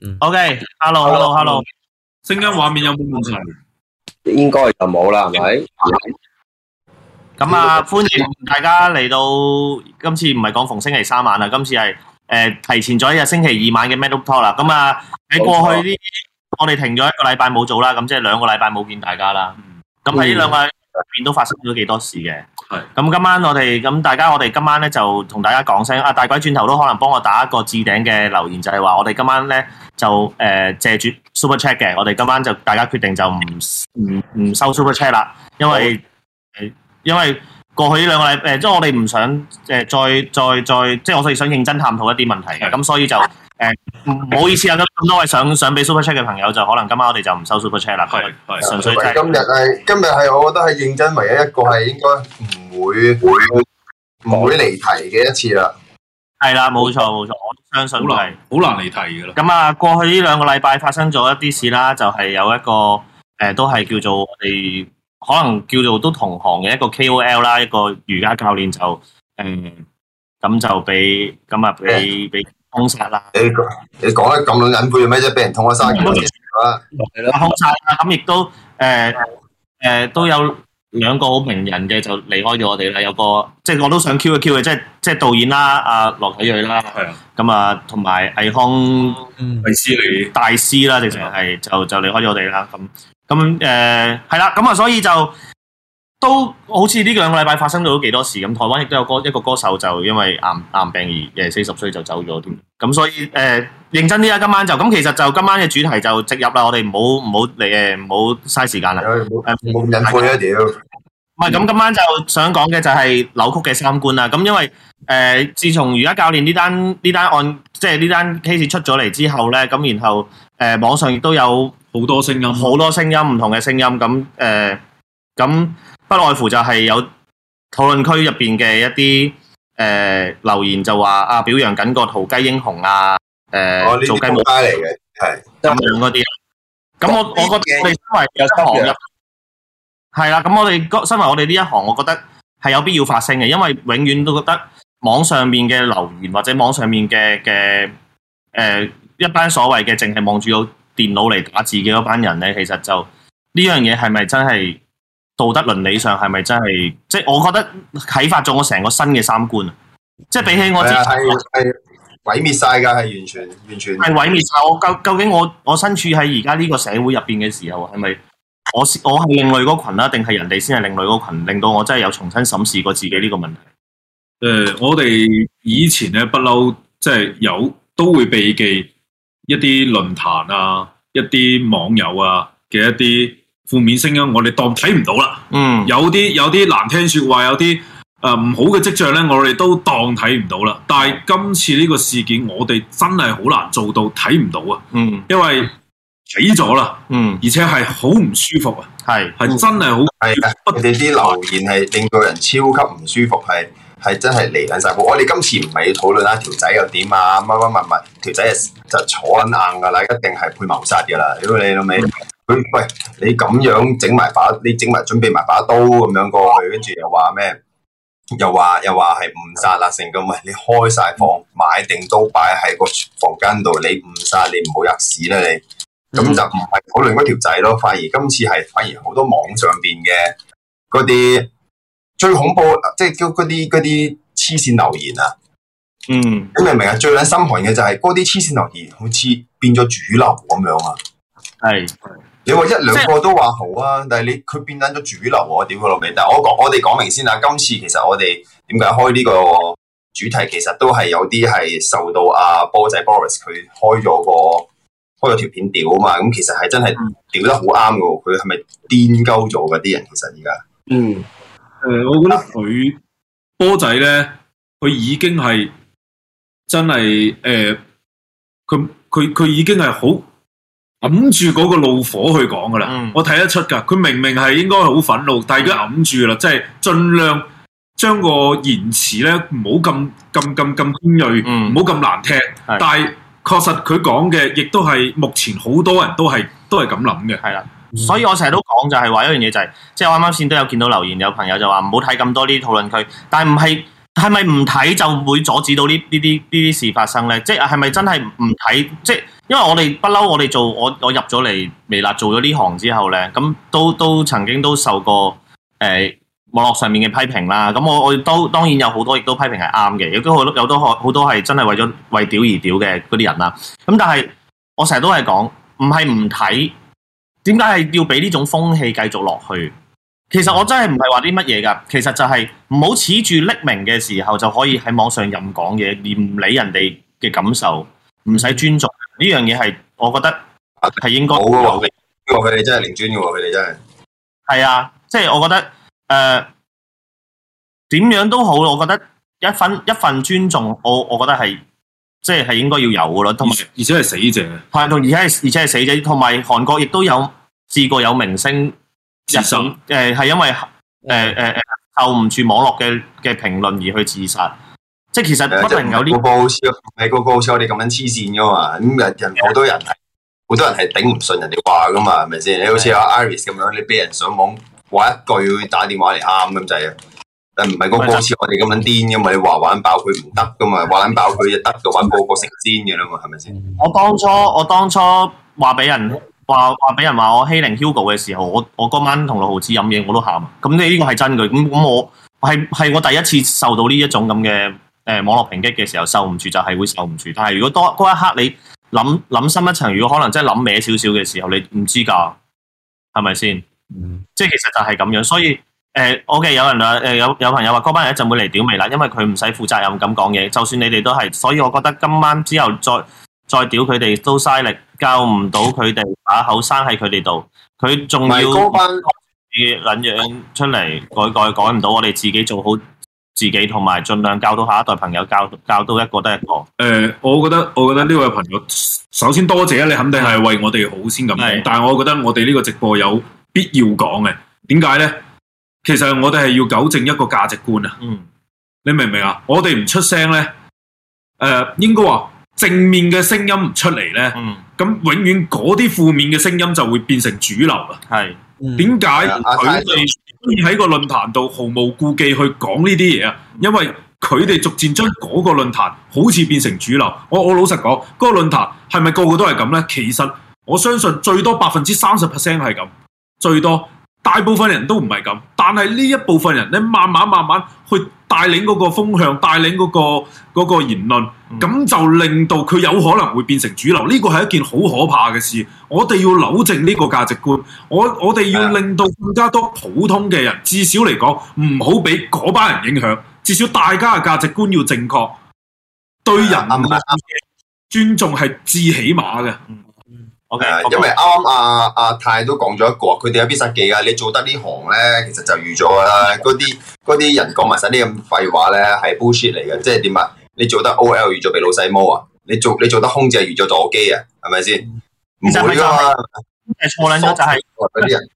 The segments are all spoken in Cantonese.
嗯，OK，Hello，Hello，Hello，聲音畫面有冇問題？應該就冇啦，係咪？咁啊，歡迎大家嚟到今次唔係講逢星期三晚啦，今次係誒提前咗一日星期二晚嘅 Metal Talk 啦。咁啊喺過去啲，我哋停咗一個禮拜冇做啦，咁即係兩個禮拜冇見大家啦。咁喺呢兩位，入面都發生咗幾多事嘅，係的。咁今晚我哋咁大家，我哋今晚咧就同大家講聲，啊大鬼轉頭都可能幫我打一個置頂嘅留言，就係話我哋今晚咧就誒借住 Super Chat 嘅，我哋今晚就大家決定就唔唔唔收 Super Chat 啦，因為的因為。過去呢兩個禮拜，即係我哋唔想誒再再再，即係我哋想認真探討一啲問題嘅，咁所以就誒唔好意思啊，咁多位想想俾 Super Chat 嘅朋友就可能今晚我哋就唔收 Super Chat 啦，純粹係今日係今日係，我覺得係認真唯一一個係應該唔會唔會離題嘅一次啦。係啦，冇錯冇錯，我都相信係好難好難離題嘅啦。咁啊，過去呢兩個禮拜發生咗一啲事啦，就係有一個誒，都係叫做我哋。可能叫做都同行嘅一個 K O L 啦，一個瑜伽教練就誒咁、嗯、就俾咁啊俾俾凶殺啦。你你講得咁卵隱晦咩啫？俾人捅咗三件嘢啊！係咯、嗯，凶殺啦。咁亦都誒誒、呃呃、都有兩個好名人嘅就離開咗我哋啦。有個即係我都想 Q 一 Q 嘅，即係即係導演啦，阿羅啟銳啦。係啊的。咁啊，同埋倪匡嗯大師啦，直情係就是、就離開咗我哋啦。咁。咁誒係啦，咁啊，所以就都好似呢兩個禮拜發生咗幾多事咁，台灣亦都有歌一個歌手就因為癌癌病而誒四十歲就走咗添。咁所以誒認真啲啊，今晚就咁，其實就今晚嘅主題就直入啦，我哋唔好唔好嚟誒，唔好嘥時間啦。誒冇引退啊屌！唔係咁，今晚就想講嘅就係扭曲嘅三觀啦。咁因為誒，自從而家教練呢單呢單案，即係呢單 case 出咗嚟之後咧，咁然後誒網上亦都有。好多聲音，好多聲音，唔同嘅聲音。咁誒、咁、呃、不外乎就係有討論區入邊嘅一啲誒、呃、留言就，就話啊表揚緊個淘雞英雄啊，誒、呃哦、做雞母雞嚟嘅，係咁樣嗰啲。咁我我覺得我哋身為，有我哋係啦。咁我哋身為我哋呢一行，我覺得係有必要發聲嘅，因為永遠都覺得網上面嘅留言或者網上面嘅嘅誒一班所謂嘅，淨係望住有，電腦嚟，打自己嗰班人咧，其實就呢樣嘢係咪真係道德倫理上係咪真係？即係我覺得啟發咗我成個新嘅三觀啊！即係比起我自己，係毀滅晒噶，係完全完全係毀滅晒。我究究竟我我身處喺而家呢個社會入邊嘅時候，係咪我我係另類嗰群啦？定係人哋先係另類嗰群？令到我真係有重新審視過自己呢個問題。誒、呃，我哋以前咧不嬲，即係有都會避忌。一啲論壇啊，一啲網友啊嘅一啲負面聲音，我哋當睇唔到啦。嗯，有啲有啲難聽說話，有啲誒唔好嘅跡象呢，我哋都當睇唔到啦。但係今次呢個事件，我哋真係好難做到睇唔到啊。嗯，因為睇咗啦。嗯，而且係好唔舒服啊。係係是真係好係嘅，你啲留言係令到人超級唔舒服係。係真係嚟緊曬，我、哦、哋今次唔係要討論啦、啊。條仔又點啊？乜乜乜乜，條仔就是、坐緊硬噶啦，一定係配謀殺噶啦。屌你老味，喂，你咁樣整埋把，你整埋準備埋把刀咁樣過去，跟住又話咩？又話又話係誤殺啦，成咁喂，你開晒房，買定刀擺喺個房間度，你誤殺你唔好吔屎啦你。咁就唔係討論嗰條仔咯，反而今次係反而好多網上面嘅嗰啲。最恐怖即係叫嗰啲啲黐線留言啊，嗯，你明唔明啊？最捻心寒嘅就係嗰啲黐線留言好似變咗主流咁樣啊。係是，你話一兩個都話好啊，即但係你佢變捻咗主流喎，屌佢老味。但係我講我哋講明先啦，今次其實我哋點解開呢個主題，其實都係有啲係受到阿、啊、波仔 Boris 佢開咗個開咗條片屌啊嘛。咁其實係真係屌得好啱噶，佢係咪癲鳩咗噶啲人？其實而家嗯。誒、呃，我覺得佢波仔咧，佢已經係真係，誒、呃，佢佢佢已經係好揞住嗰個怒火去講噶啦。嗯、我睇得出噶，佢明明係應該係好憤怒，但係而家揞住啦，即係、嗯、盡量將個言辭咧，唔好咁咁咁咁尖銳，唔好咁難聽。的但係確實佢講嘅，亦都係目前好多人都係都係咁諗嘅。係啦。所以我成日都講就係話，一樣嘢就係，即係我啱啱先都有見到留言，有朋友就話唔好睇咁多呢啲討論區。但係唔係，係咪唔睇就會阻止到呢呢啲呢啲事發生呢？即係係咪真係唔睇？即係因為我哋不嬲，我哋做我我入咗嚟微辣做咗呢行之後呢，咁都都曾經都受過誒網絡上面嘅批評啦。咁我我當當然有好多亦都批評係啱嘅，有都好有都好多係真係為咗為屌而屌嘅嗰啲人啦。咁但係我成日都係講，唔係唔睇。點解係要俾呢種風氣繼續落去？其實我真係唔係話啲乜嘢㗎，嗯、其實就係唔好恃住匿名嘅時候就可以喺網上任講嘢，唔理人哋嘅感受，唔使尊重呢樣嘢係，我覺得係應該。好喎，因為佢哋真係零尊嘅喎，佢哋真係。係啊，即係我覺得誒點樣都好，我覺得一份一份尊重，我我覺得係即係係應該要有嘅咯。同埋而且係死者，係同而且而且係死者，同埋韓國亦都有。試過有明星入信，誒係因為誒誒誒受唔住網絡嘅嘅評論而去自殺，即係其實不一定有呢、就是、個報笑，唔係個個好似我哋咁樣黐線噶嘛，咁人人好多人，好多人係頂唔順人哋話噶嘛，係咪先？你好似阿 Iris 咁樣，你俾人上網話一句，打電話嚟，喊咁滯啊！但唔係個個好似我哋咁樣癲噶嘛，你話玩爆佢唔得噶嘛，玩爆佢就得就玩個個食仙噶啦嘛，係咪先？我當初的我當初話俾人。話話俾人話我欺凌 Hugo 嘅時候，我我嗰晚同六毫紙飲嘢，我都喊啊！咁呢呢個係真嘅，咁咁我係係我第一次受到呢一種咁嘅誒網絡抨擊嘅時候，受唔住就係會受唔住。但係如果多嗰一刻你諗諗深一層，如果可能真係諗歪少少嘅時候，你唔知噶，係咪先？嗯、即係其實就係咁樣。所以誒、呃、，O.K. 有人誒、呃、有有朋友話嗰班人一陣會嚟屌味啦，因為佢唔使負責任，咁講嘢，就算你哋都係。所以我覺得今晚之後再再屌佢哋都嘥力。教唔到佢哋，把口生喺佢哋度，佢仲要嗰班嘢捻樣出嚟，改改改唔到，我哋自己做好自己，同埋盡量教到下一代朋友教教到一個得一,一個。誒、呃，我覺得我覺得呢位朋友，首先多謝、謝你肯定係為我哋好先咁講，的但係我覺得我哋呢個直播有必要講嘅，點解呢？其實我哋係要糾正一個價值觀啊，嗯，你明唔明啊？我哋唔出聲呢，誒、呃，應該話。正面嘅聲音唔出嚟呢，咁永遠嗰啲負面嘅聲音就會變成主流啦。係點解佢哋喺個論壇度毫無顧忌去講呢啲嘢啊？因為佢哋逐漸將嗰個論壇好似變成主流。我我老實講，嗰個論壇係咪個個都係咁呢？其實我相信最多百分之三十 percent 係咁，最多。大部分人都唔係咁，但係呢一部分人，你慢慢慢慢去帶領嗰個風向，帶領嗰個嗰個言論，咁、嗯、就令到佢有可能會變成主流。呢個係一件好可怕嘅事，我哋要扭正呢個價值觀，我我哋要令到更加多普通嘅人，至少嚟講唔好俾嗰班人影響，至少大家嘅價值觀要正確，對人嘅尊重係至起碼嘅。嗯 Okay, okay. 因為啱啱阿阿泰都講咗一個，佢哋有必殺技㗎。你做得呢行咧，其實就預咗噶啦，嗰啲嗰啲人講埋晒呢咁廢話咧，係 bullshit 嚟嘅，即係點啊？你做得 OL 預咗俾老細摸啊？你做你做得空姐預咗我機啊？係咪先？唔會噶嘛。係錯咗就係、是、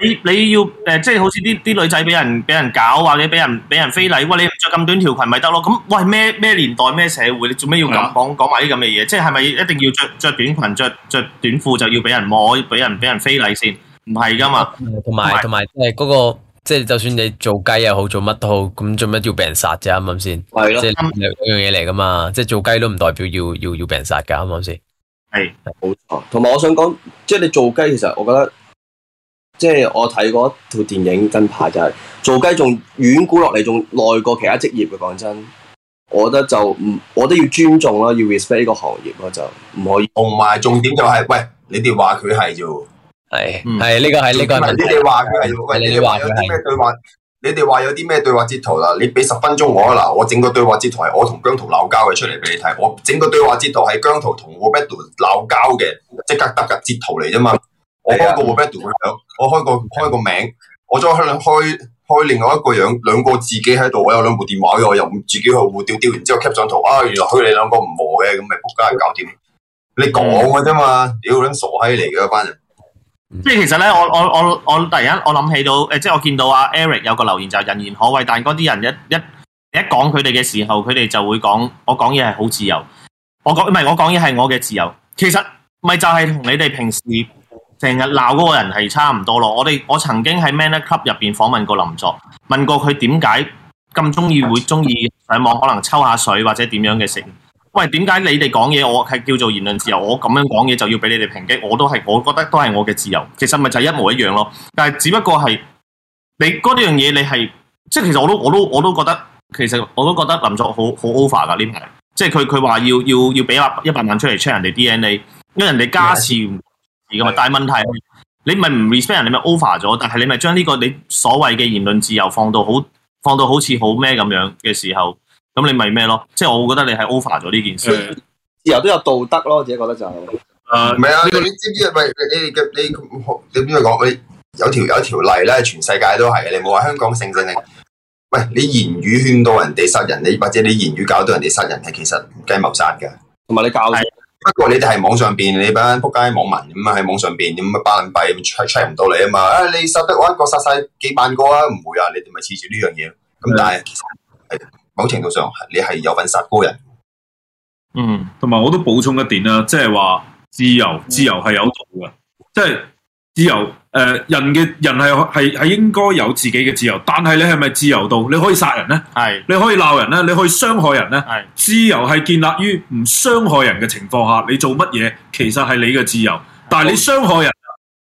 你你要誒，即、就、係、是、好似啲啲女仔俾人俾人搞或者俾人俾人非禮，喂，你着咁短條裙咪得咯？咁喂咩咩年代咩社會，你做咩要咁講講埋啲咁嘅嘢？的即係咪一定要着着短裙着着短褲就要俾人摸俾人俾人非禮先？唔係噶嘛，同埋同埋係嗰個，即係就算你做雞又好做乜都好，咁做咩要俾人殺啫？啱唔啱先？係咯即，兩樣嘢嚟噶嘛，即係做雞都唔代表要要要俾人殺噶，啱唔啱先？係冇錯，同埋我想講，即係你做雞，其實我覺得，即係我睇過一套電影《金牌、就是》做雞，就係做雞仲遠古落嚟，仲耐過其他職業嘅。講真，我覺得就唔，我都要尊重咯，要 respect 呢個行業咯，我就唔可以。同埋重點就係、是，喂，你哋話佢係啫，係係呢個係呢個問題。唔你話佢係，喂你話佢係咩對話？你哋話有啲咩對話截圖啦？你俾十分鐘我啊，嗱，我整個對話截圖係我同姜濤鬧交嘅出嚟俾你睇。我整個對話截圖係姜濤同 Webber 鬧交嘅，即刻得㗎，截圖嚟啫嘛。我開個 Webber 我開個名，我再去兩開開另外一個樣，兩個自己喺度，我有兩部電話嘅，我又自己去互屌屌然之後 capture 張圖啊，原來佢哋兩個唔和嘅，咁咪仆街搞掂。你講嘅啫嘛，屌你傻閪嚟嘅班人。即係、嗯、其實咧，我我我我突然間我諗起到誒，即係我見到阿 Eric 有個留言就係人言可畏，但嗰啲人一一一講佢哋嘅時候，佢哋就會講我講嘢係好自由，我講唔係我講嘢係我嘅自由。其實咪就係同你哋平時成日鬧嗰個人係差唔多咯。我哋我曾經喺 Men Club 入邊訪問過林作，問過佢點解咁中意會中意上網可能抽下水或者點樣嘅事。因為點解你哋講嘢，我係叫做言論自由？我咁樣講嘢就要俾你哋抨擊，我都係，我覺得都係我嘅自由。其實咪就係一模一樣咯。但係只不過係你嗰樣嘢，你係即係其實我都我都我都覺得，其實我都覺得林作好好 over 噶呢排。即係佢佢話要要要俾一百一百萬出嚟 check 人哋 DNA，因為人哋家事而㗎嘛。但係的問題，的你咪唔 respect 人，你咪 over 咗。但係你咪將呢個你所謂嘅言論自由放到好放到好似好咩咁樣嘅時候。咁你咪咩咯？即係我覺得你係 over 咗呢件事，自由都有道德咯，自己覺得就、呃，誒唔係啊？你知唔知啊？你你嘅你同你邊個講？你有條有一條例咧，全世界都係你冇話香港性性性，喂！你言語勸到人哋殺人，你或者你言語搞到人哋殺人，係其實計謀殺嘅。同埋你教的，不過你哋係網上邊，你班仆街網民咁啊，喺網上邊咁啊，巴閉咁 check check 唔到你啊嘛！啊、哎，你殺得我一個殺曬幾萬個啊？唔會啊！你哋咪黐住呢樣嘢咯。咁的但係其實係。某程度上，你係有份殺過人。嗯，同埋我都補充一點啦，即係話自由，自由係有度嘅。即係、嗯、自由，誒、呃，人嘅人係係係應該有自己嘅自由，但係你係咪自由到？你可以殺人呢？係是，你可以鬧人咧，你可以傷害人咧，係是。自由係建立於唔傷害人嘅情況下，你做乜嘢其實係你嘅自由，但係你傷害人，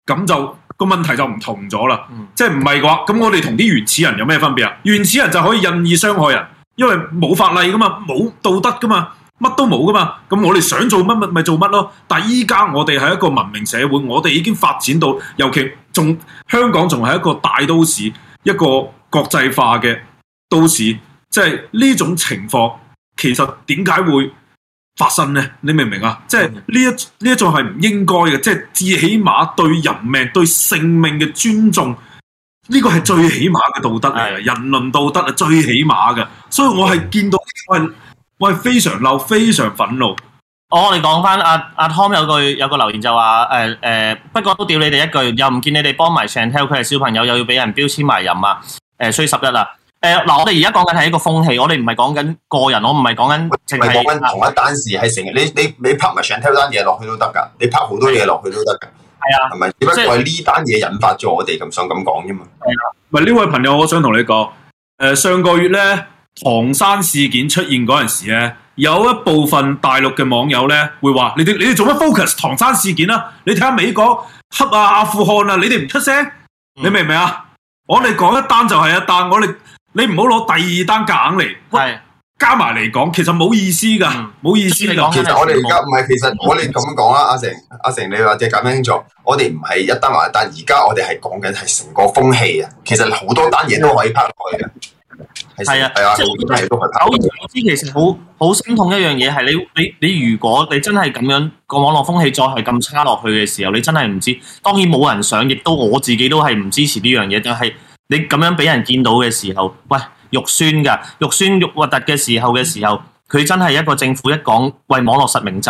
咁、嗯、就個問題就唔同咗啦。即係唔係嘅話，咁我哋同啲原始人有咩分別啊？原始人就可以任意傷害人。因為冇法例噶嘛，冇道德噶嘛，乜都冇噶嘛。咁我哋想做乜咪咪做乜咯。但係依家我哋係一個文明社會，我哋已經發展到，尤其仲香港仲係一個大都市，一個國際化嘅都市。即係呢種情況，其實點解會發生呢？你明唔明啊？即係呢一呢一種係唔應該嘅。即係至少起碼對人命、對性命嘅尊重。呢個係最起碼嘅道德嚟，人倫道德啊，最起碼嘅，所以我係見到我係非常嬲、非常憤怒。我哋講翻阿阿 Tom 有句有個留言就話誒誒，不過都屌你哋一句，又唔見你哋幫埋上 channel 佢係小朋友又要俾人標籤埋人嘛？誒，衰十一啦！誒嗱，我哋而家講緊係一個風氣，我哋唔係講緊個人，我唔係講緊淨係同一單事係成日，你你你拍埋上 channel 單嘢落去都得㗎，你拍好多嘢落去都得㗎。係啊，係咪？即係呢單嘢引發咗我哋咁想咁講啫嘛。係啊，唔係呢位朋友，我想同你講，誒、呃，上個月咧唐山事件出現嗰陣時咧，有一部分大陸嘅網友咧會話：你哋你哋做乜 focus 唐山事件啊？你睇下美國黑啊阿富汗啊，你哋唔出聲、嗯，你明唔明啊？我哋講一單就係一單，我哋你唔好攞第二單硬嚟。係。加埋嚟講，其實冇意思噶，冇意思其實我哋而家唔係，其實我哋咁講啦，阿成，阿成，你或者係講清楚。我哋唔係一單埋，但而家我哋係講緊係成個風氣啊。其實好多單嘢都可以拍落去嘅。係啊對，係啊，即係都係。拍我知，其實好好心痛一樣嘢係你你你，你你如果你真係咁樣個網絡風氣再係咁差落去嘅時候，你真係唔知。當然冇人想，亦都我自己都係唔支持呢樣嘢。但係你咁樣俾人見到嘅時候，喂。肉酸噶，肉酸肉核突嘅時候嘅時候，佢、嗯、真係一個政府一講為網絡實名制，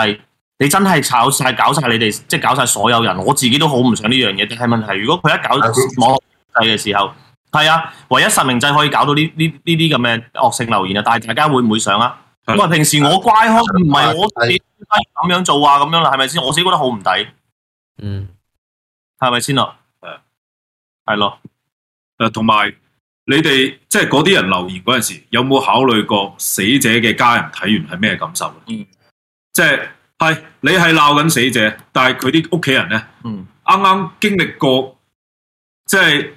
你真係炒晒、搞晒你哋，即係搞晒所有人。我自己都好唔想呢樣嘢，定係問題，如果佢一搞網絡實名制嘅時候，係啊，唯一實名制可以搞到呢呢呢啲咁嘅惡性留言啊，但係大家會唔會想啊？咁啊的，因為平時我乖開，唔係我自己咁樣做啊，咁樣啦，係咪先？我自己覺得好唔抵。嗯，係咪先咯？係，係咯。誒，同埋。你哋即係嗰啲人留言嗰陣時，有冇考慮過死者嘅家人睇完係咩感受？嗯，即係，係你係鬧緊死者，但係佢啲屋企人咧，嗯，啱啱經歷過，即係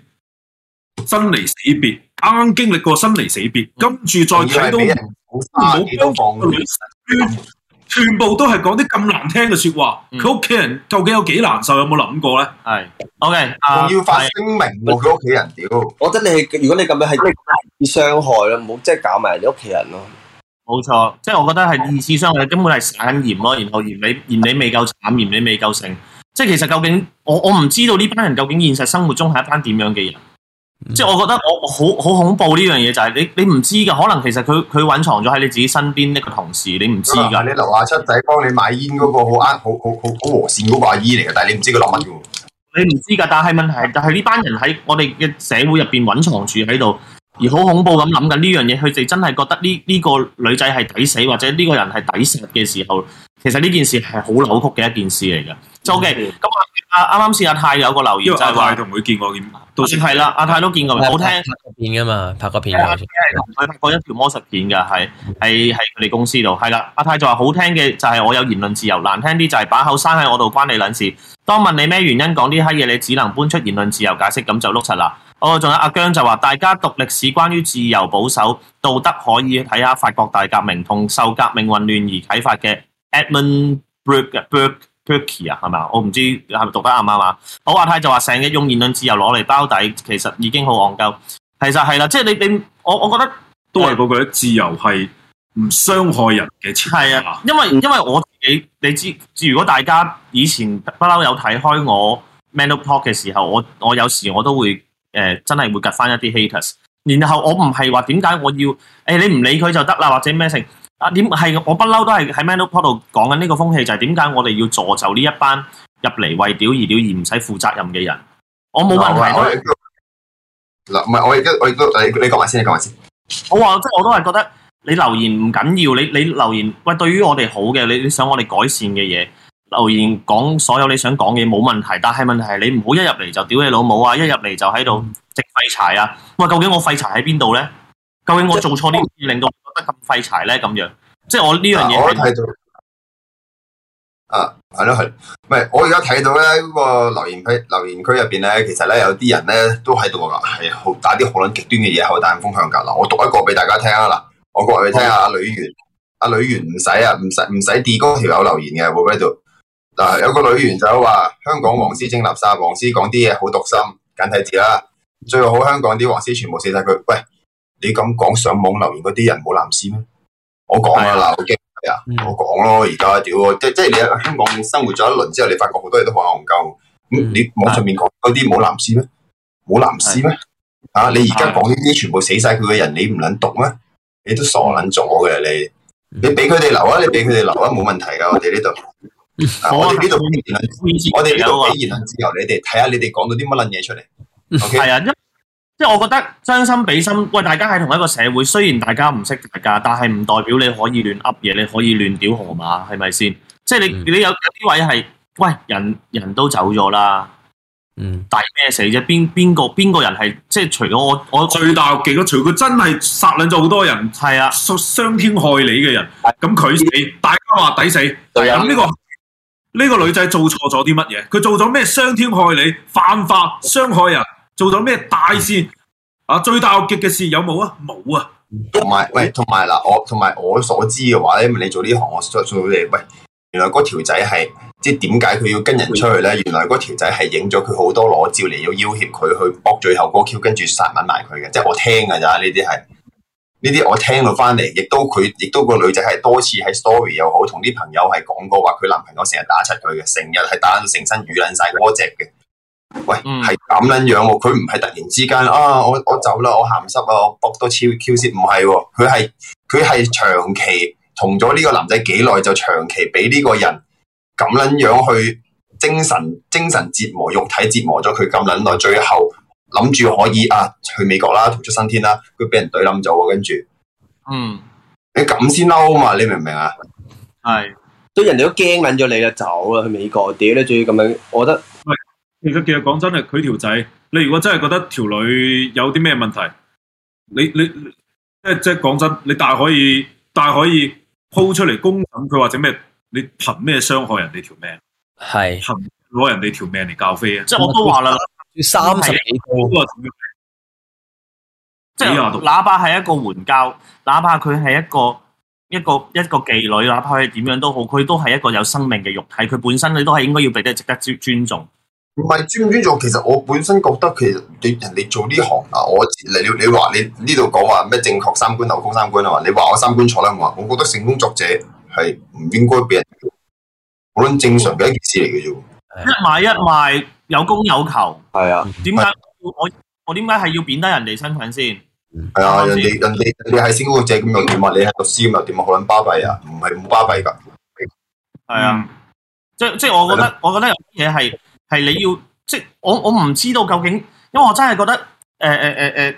生離死別，啱啱經歷過生離死別，跟住、嗯、再睇到人冇傷全部都係講啲咁難聽嘅說話，佢屋企人究竟有幾難受？有冇諗過咧？係，OK，仲、uh，要發聲明冇佢屋企人屌！我覺得你係，如果你咁樣係二次傷害咯，唔好即係搞埋人哋屋企人咯。冇錯，即係我覺得係二次傷害，根本係慘言咯。然後嫌你嫌你未夠慘，嫌你未夠性。即係其實究竟我我唔知道呢班人究竟現實生活中係一班點樣嘅人。嗯、即係我覺得我好好恐怖呢樣嘢就係你你唔知噶，可能其實佢佢隱藏咗喺你自己身邊一個同事，你唔知噶。你樓下七仔幫你買煙嗰個好呃好好好好和善嗰個阿姨嚟噶，但係你唔知佢諗乜嘅。你唔知噶，但係問題就係呢班人喺我哋嘅社會入邊隱藏住喺度，而好恐怖咁諗緊呢樣嘢。佢哋真係覺得呢呢、這個女仔係抵死，或者呢個人係抵食嘅時候，其實呢件事係好扭曲嘅一件事嚟噶。O K，咁阿啱啱試下太有一個留言就係話，同佢見過面。就算係啦，阿泰都見過，好聽片㗎嘛，拍過片。阿佢、嗯、拍過一條魔術片㗎。係係喺佢哋公司度，係啦。阿、啊、泰就話好聽嘅就係我有言論自由，難聽啲就係把口生喺我度，關你撚事。當問你咩原因講啲閪嘢，你只能搬出言論自由解釋，咁就碌柒啦。哦，仲有阿姜就話，大家讀歷史關於自由保守道德可以睇下法國大革命同受革命混亂而啟發嘅 Edmund Burke。Turkey 啊，係咪啊？我唔知係咪讀得啱啱啊！好阿太就話成日用言論自由攞嚟包底，其實已經好戇鳩。其實係啦，即係你你我我覺得都係嗰句，嗯、自由係唔傷害人嘅。係啊，因為因為我自己你知，如果大家以前不嬲有睇開我 mental talk 嘅時候，我我有時我都會誒、呃、真係會趌翻一啲 haters。然後我唔係話點解我要誒、哎、你唔理佢就得啦，或者咩成？啊，點係我不嬲都係喺 Mano Pro 度講緊呢個風氣，就係點解我哋要助紂呢一班入嚟為屌而屌而唔使負責任嘅人？我冇問題嗱，唔係喂也我亦都我，我都你你講埋先，你講埋先。我話即係我都係覺得你留言唔緊要，你你留言喂對於我哋好嘅，你你想我哋改善嘅嘢留言，講所有你想講嘅嘢冇問題，但係問題係你唔好一入嚟就屌你老母啊，一入嚟就喺度直廢柴啊！喂，究竟我廢柴喺邊度咧？究竟我做錯啲事、就是、令到？咁廢柴咧咁樣，即係我呢樣嘢我睇到，啊係咯係，唔係我而家睇到咧，嗰個留言區留言區入邊咧，其實咧有啲人咧都喺度噶，係好打啲好撚極端嘅嘢，好大風向噶嗱。我讀一個俾大家聽啊嗱，我過嚟聽下阿呂元，阿呂元唔使啊，唔使唔使地公條友留言嘅，我喺度嗱，有個女元就話香港黃絲正垃圾，黃絲講啲嘢好毒心，簡體字啦，最好香港啲黃絲全部死晒佢，喂。你咁講上網留言嗰啲人冇藍絲咩？我講啊嗱，好激氣啊！我講咯，而家屌，即即係你喺香港生活咗一輪之後，你發覺好多嘢都唔夠。咁的你網上面講嗰啲冇藍絲咩？冇藍絲咩？啊！的你而家講呢啲全部死晒佢嘅人，你唔捻讀咩？你都傻捻咗嘅你。你俾佢哋留，留，留、嗯、啊！你俾佢哋留啊！冇問題噶，我哋呢度。我哋呢度俾言論自由，我哋呢度俾言論自由你哋，睇下你哋講到啲乜捻嘢出嚟。係啊，即係我覺得將心比心，喂，大家係同一個社會，雖然大家唔識大家，但係唔代表你可以亂噏嘢，你可以亂屌河馬，係咪先？是是嗯、即係你你有有啲位係，喂，人人都走咗啦，嗯，抵咩死啫？邊邊個邊個人係即係除咗我，我最大別個，除佢真係殺撚咗好多人，係啊，傷天害理嘅人，咁佢、啊、死，啊、大家話抵死。咁呢、啊這個呢、這個女仔做錯咗啲乜嘢？佢做咗咩傷天害理、犯法、傷害人？做到咩大事啊？最大鑊嘅事有冇啊？冇啊！同埋喂，同埋嗱，我同埋我所知嘅話咧，因為你做呢行，我做做嘅喂，原來嗰條仔係即係點解佢要跟人出去咧？的原來嗰條仔係影咗佢好多裸照嚟，要要挾佢去搏最後嗰 Q，跟住殺吻埋佢嘅。即係我聽嘅咋，呢啲係呢啲我聽到翻嚟，亦都佢亦都個女仔係多次喺 story 又好，同啲朋友係講過話，佢男朋友成日打柒佢嘅，成日係打到成身雨爛晒，多隻嘅。喂，係咁、嗯、捻樣，佢唔係突然之間啊！我我走啦，我鹹濕啊，我搏到超 Q 先，唔係，佢係佢係長期同咗呢個男仔幾耐，就長期俾呢個人咁捻樣去精神精神折磨，肉體折磨咗佢咁捻耐，最後諗住可以啊去美國啦，逃出生天啦，佢俾人懟冧咗，跟住嗯，你咁先嬲嘛？你明唔明啊？係是，人都人哋都驚捻咗你啦，走啦去美國，屌你，仲要咁樣，我覺得。其實其實講真啊，佢條仔，你如果真係覺得條女有啲咩問題，你你，你即即講真，你大可以大可以鋪出嚟公審佢或者咩？你憑咩傷害人哋條命？係憑攞人哋條命嚟教飛啊！即我都話啦，三十幾個，都係咁樣，即哪怕係一個援教，哪怕佢係一個一個一個妓女，哪怕佢點樣都好，佢都係一個有生命嘅肉體，佢本身是你都係應該要俾得值得尊尊重。唔係尊唔尊重，其實我本身覺得，其實你人哋做呢行啊，我嚟你你話你呢度講話咩正確三觀、成功三觀啊嘛？你話我三觀錯啦嘛？我覺得性工作者係唔應該俾人，好捻正常嘅一件事嚟嘅啫。一買一賣，有供有求。係啊？點解、啊、我我點解係要貶低人哋身份先？係啊！人哋人哋你係性工作者咁又點啊？你係律師咁又點啊？好捻巴閉啊！唔係冇巴閉噶。係啊！即即係我覺得、啊、我覺得有啲嘢係。係你要即係、就是、我我唔知道究竟，因為我真係覺得誒誒誒誒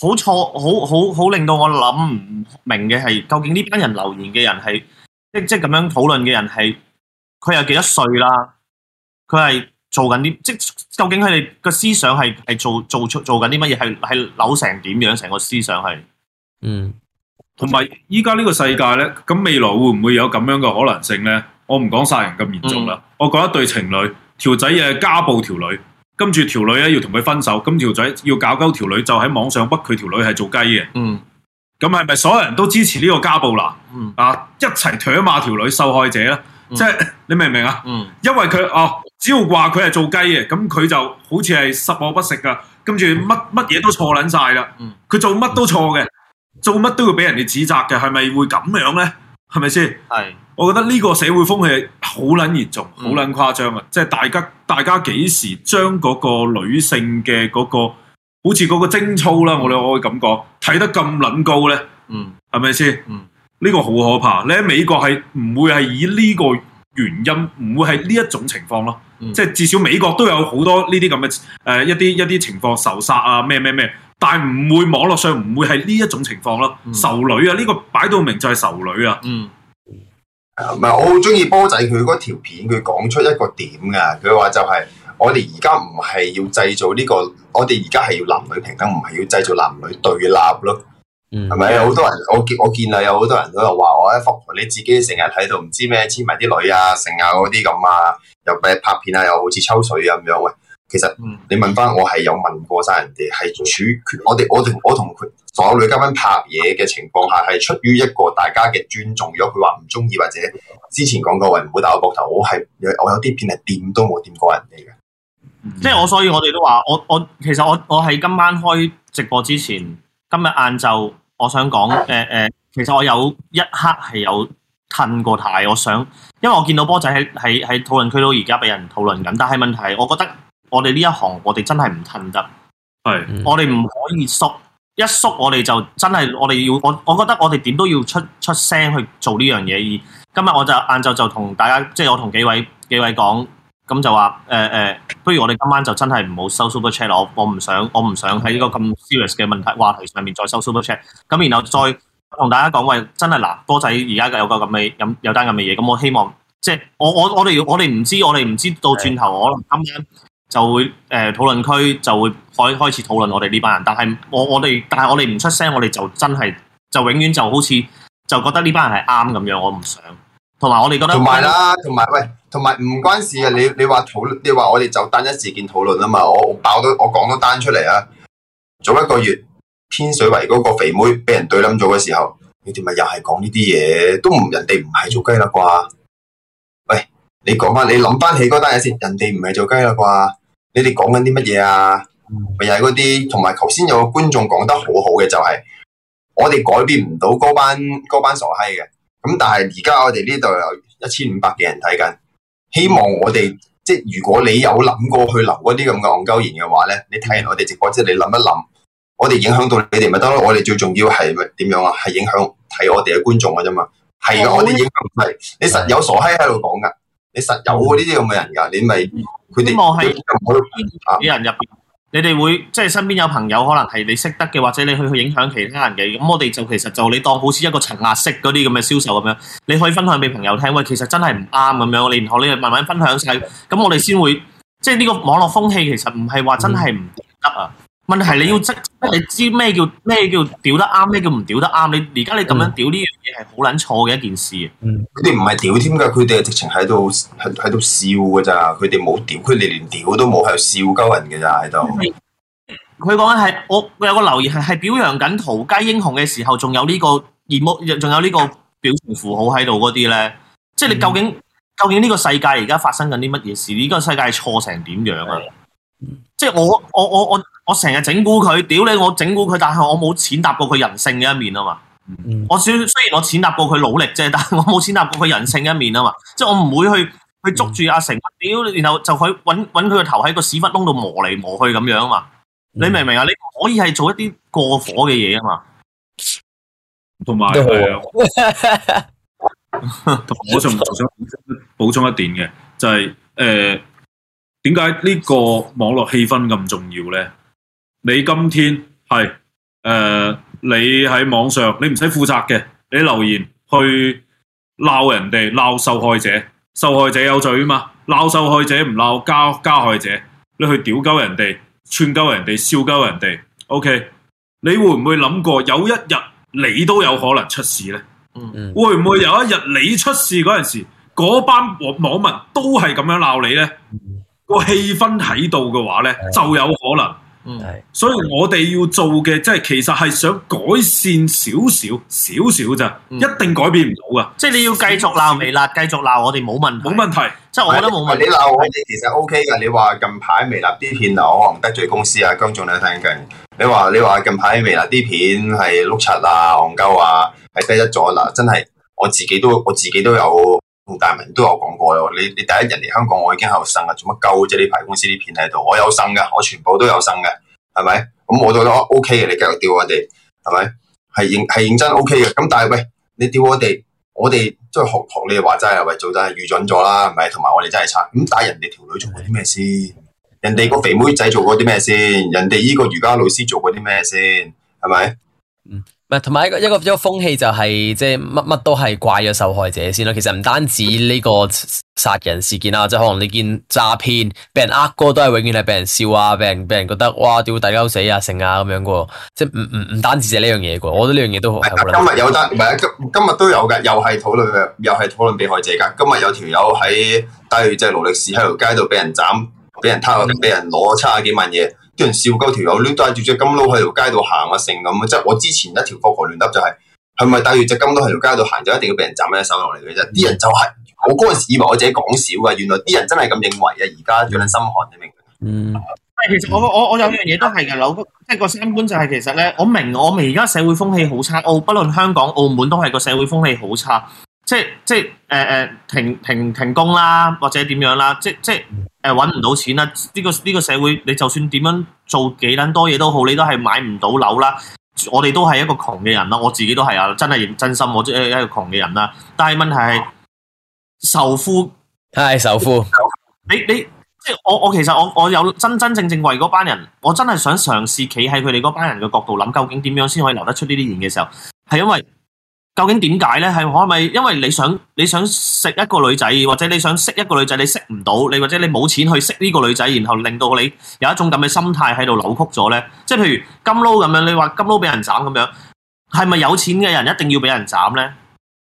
好錯，好錯好好好令到我諗唔明嘅係究竟呢班人留言嘅人係，即即係咁樣討論嘅人係，佢有幾多歲啦？佢係做緊啲即究竟佢哋個思想係係做做出做緊啲乜嘢？係係扭成點樣？成個思想係嗯，同埋依家呢個世界咧，咁未來會唔會有咁樣嘅可能性咧？我唔講殺人咁嚴重啦，我講一對情侶，條仔係家暴條女，跟住條女咧要同佢分手，咁條仔要搞鳩條女就喺網上屈佢條女係做雞嘅。嗯，咁係咪所有人都支持呢個家暴男？嗯，啊，一齊唾罵條女受害者咧，嗯、即係你明唔明啊？嗯，因為佢哦，只要話佢係做雞嘅，咁佢就好似係十惡不赦㗎。跟住乜乜嘢都錯捻晒啦。佢、嗯、做乜都錯嘅，做乜都要俾人哋指責嘅，係咪會咁樣咧？係咪先？係。我覺得呢個社會風氣好捻嚴重，好捻誇張啊！嗯、即係大家大家幾時將嗰個女性嘅嗰、那個，好似嗰個貞操啦，我哋可以咁講，睇得咁捻高咧，嗯，係咪先？嗯，呢、嗯、個好可怕。你喺美國係唔會係以呢個原因，唔會係呢一種情況咯。即係、嗯、至少美國都有好多呢啲咁嘅誒一啲一啲情況仇殺啊咩咩咩，但係唔會網絡上唔會係呢一種情況咯。嗯、仇女啊，呢、這個擺到明就係仇女啊。嗯唔係，我好中意波仔佢嗰條片，佢講出一個點噶。佢話就係，我哋而家唔係要製造呢個，我哋而家係要男女平等，唔係要製造男女對立咯。嗯，係咪？好多人，我見我見啊，有好多人喺度話我喺複台，你自己成日喺度唔知咩，黐埋啲女啊，成啊嗰啲咁啊，又拍片啊，又好似抽水咁樣喂。其實你問翻我，係有問過晒人哋，係處決我哋我同我同佢。所有女嘉賓拍嘢嘅情況下，係出於一個大家嘅尊重。如果佢話唔中意，或者之前講過話唔好打我膊頭，我係我有啲片係掂都冇掂過人哋嘅。即係我，嗯、所以我哋都話我我其實我我喺今晚開直播之前，今日晏晝我想講，誒誒的，嗯、其實我有一刻係有褪過軚，我想，因為我見到波仔喺喺喺討論區度而家俾人討論緊，但係問題係，我覺得我哋呢一行我哋真係唔褪得，係、嗯、我哋唔可以縮。一縮我哋就真係我哋要我我覺得我哋點都要出出聲去做呢樣嘢而今日我就晏晝就同大家即係我同幾位幾位講咁就話誒誒不如我哋今晚就真係唔好收 super chat 我我唔想我唔想喺呢個咁 serious 嘅問題話題上面再收 super chat 咁然後再同大家講喂真係嗱多仔而家有個咁嘅有有單咁嘅嘢咁我希望即係我我我哋我哋唔知我哋唔知到轉頭我今晚。就會誒、呃、討論區就會開開始討論我哋呢班人，但係我我哋但係我哋唔出聲，我哋就真係就永遠就好似就覺得呢班人係啱咁樣，我唔想。同埋我哋覺得同埋啦，同埋喂，同埋唔關事嘅、啊，你你話討你話我哋就單一事件討論啊嘛，我爆我到我講多單出嚟啊！早一個月天水圍嗰個肥妹俾人對冧咗嘅時候，你哋咪又係講呢啲嘢，都唔人哋唔係做雞啦啩？你講翻，你諗翻起嗰單嘢先，人哋唔係做雞啦啩？你哋講緊啲乜嘢啊？又係嗰啲，同埋頭先有個觀眾講得好好嘅就係，我哋改變唔到嗰班嗰班傻閪嘅。咁但係而家我哋呢度有一千五百幾人睇緊，希望我哋即係如果你有諗過去留嗰啲咁嘅戇鳩言嘅話咧，你睇完我哋直播即係你諗一諗，我哋影響到你哋咪得咯。我哋最重要係咪點樣啊？係影響睇我哋嘅觀眾嘅啫嘛。係我哋影響唔係，你實有傻閪喺度講噶。你實有嗰啲咁嘅人㗎，你咪希望好啲人入邊，吧你哋會即係身邊有朋友可能係你識得嘅，或者你去去影響其他人嘅。咁我哋就其實就你當好似一個層壓式嗰啲咁嘅銷售咁樣，你可以分享俾朋友聽，喂，其實真係唔啱咁樣。你可你慢慢分享，咁對我哋先會、嗯、即係呢個網絡風氣，其實唔係話真係唔得啊。嗯問題係你要識，你知咩叫咩叫屌得啱，咩叫唔屌得啱？你而家你咁樣屌呢樣嘢，係好撚錯嘅一件事。佢哋唔係屌添噶，佢哋係直情喺度喺度笑噶咋，佢哋冇屌，佢哋連屌都冇，喺度笑鳩人嘅咋喺度。佢講緊係我有個留言係係表揚緊逃街英雄嘅時候還、這個，仲有呢個二冇，仲有呢個表情符號喺度嗰啲咧。即、就、係、是、你究竟、嗯、究竟呢個世界而家發生緊啲乜嘢事？呢、這個世界係錯成點樣啊？的即係我我我我。我我我成日整蠱佢，屌你！我整蠱佢，但係我冇踐踏過佢人性嘅一面啊嘛。嗯、我雖然我踐踏過佢努力啫，但係我冇踐踏過佢人性一面啊嘛。嗯、即係我唔會去去捉住阿成屌，然後就去揾揾佢個頭喺個屎忽窿度磨嚟磨去咁樣啊嘛。嗯、你明唔明啊？你可以係做一啲過火嘅嘢啊嘛。同埋有，同埋、 欸，我仲想補充，補充一點嘅就係、是，誒、呃，點解呢個網絡氣氛咁重要咧？你今天係誒、呃，你喺網上，你唔使負責嘅。你留言去鬧人哋，鬧受害者，受害者有罪啊嘛！鬧受害者唔鬧加加害者，你去屌鳩人哋，串鳩人哋，笑鳩人哋。OK，你會唔會諗過有一日你都有可能出事呢？嗯、會唔會有一日你出事嗰陣時，嗰班網民都係咁樣鬧你呢？個氣、嗯、氛喺度嘅話呢，就有可能。嗯，是所以我哋要做嘅，即係其實係想改善少少少少咋，一，些一，些嗯、一定改變唔到噶。即係你要繼續鬧微辣，繼續鬧我哋冇問題。冇問題，的即係我覺得冇問題。你鬧我哋其實 O K 㗎。你話近排微辣啲片啊，我唔得罪公司啊，薑總你都聽緊，你話你話近排微辣啲片係碌柒啊，憨鳩啊，係低一咗啦真係我自己都我自己都有。吳大明都有講過咯，你你第一人嚟香港我已經有生噶，做乜溝啫？呢排公司啲片喺度，我有生噶，我全部都有生嘅，係咪？咁我覺得 OK 嘅，你繼續屌我哋，係咪？係認係認真 OK 嘅，咁但係喂，你屌我哋，我哋即係學學你話齋啊喂，做真係預準咗啦，係咪？同埋我哋真係差，咁打人哋條女做過啲咩先？人哋個肥妹仔做過啲咩先？人哋呢個瑜伽老師做過啲咩先？係咪？嗯。同埋一個一個一個風氣就係即係乜乜都係怪咗受害者先啦。其實唔單止呢個殺人事件啊，即係可能呢件詐騙，俾人呃過都係永遠係俾人笑啊，俾人俾人覺得哇，屌會大鳩死啊成啊咁樣噶。即係唔唔唔單止就呢樣嘢噶，我覺得呢樣嘢都係今日有得唔係啊？今今日都有噶，又係討論嘅，又係討論被害者噶。今日有條友喺低血即係勞力士喺條街度俾人斬，俾人偷，俾人攞差幾萬嘢。啲人笑鳩條友亂戴住隻金勞喺條街度行啊成咁啊！即係我之前一條瘋狂亂揼就係係咪戴住隻金勞喺條街度行就一定要畀人斬咩手落嚟嘅啫。啲人就係，我嗰陣時以為我自己講少㗎，原來啲人真係咁認為啊！而家最你心寒你明唔明？嗯，誒其實我我我有樣嘢都係嘅，即係個三觀就係，其實咧，我明我明而家社會風氣好差，澳不論香港澳門都係個社會風氣好差。即係即係誒誒停停停工啦，或者點樣啦，即係即係誒搵唔到錢啦。呢、這個呢、這個社會，你就算點樣做幾捻多嘢都好，你都係買唔到樓啦。我哋都係一個窮嘅人啦，我自己都係啊，真係真心，我即係一個窮嘅人啦。但係問題係仇富係、哎、仇富，你你即係我我其實我我有真真正正為嗰班人，我真係想嘗試企喺佢哋嗰班人嘅角度諗，究竟點樣先可以留得出呢啲言嘅時候，係因為。究竟點解咧？係可係咪因為你想你想識一個女仔，或者你想識一個女仔，你識唔到你，或者你冇錢去識呢個女仔，然後令到你有一種咁嘅心態喺度扭曲咗咧？即係譬如金撈咁樣，你話金撈俾人斬咁樣，係咪有錢嘅人一定要俾人斬咧？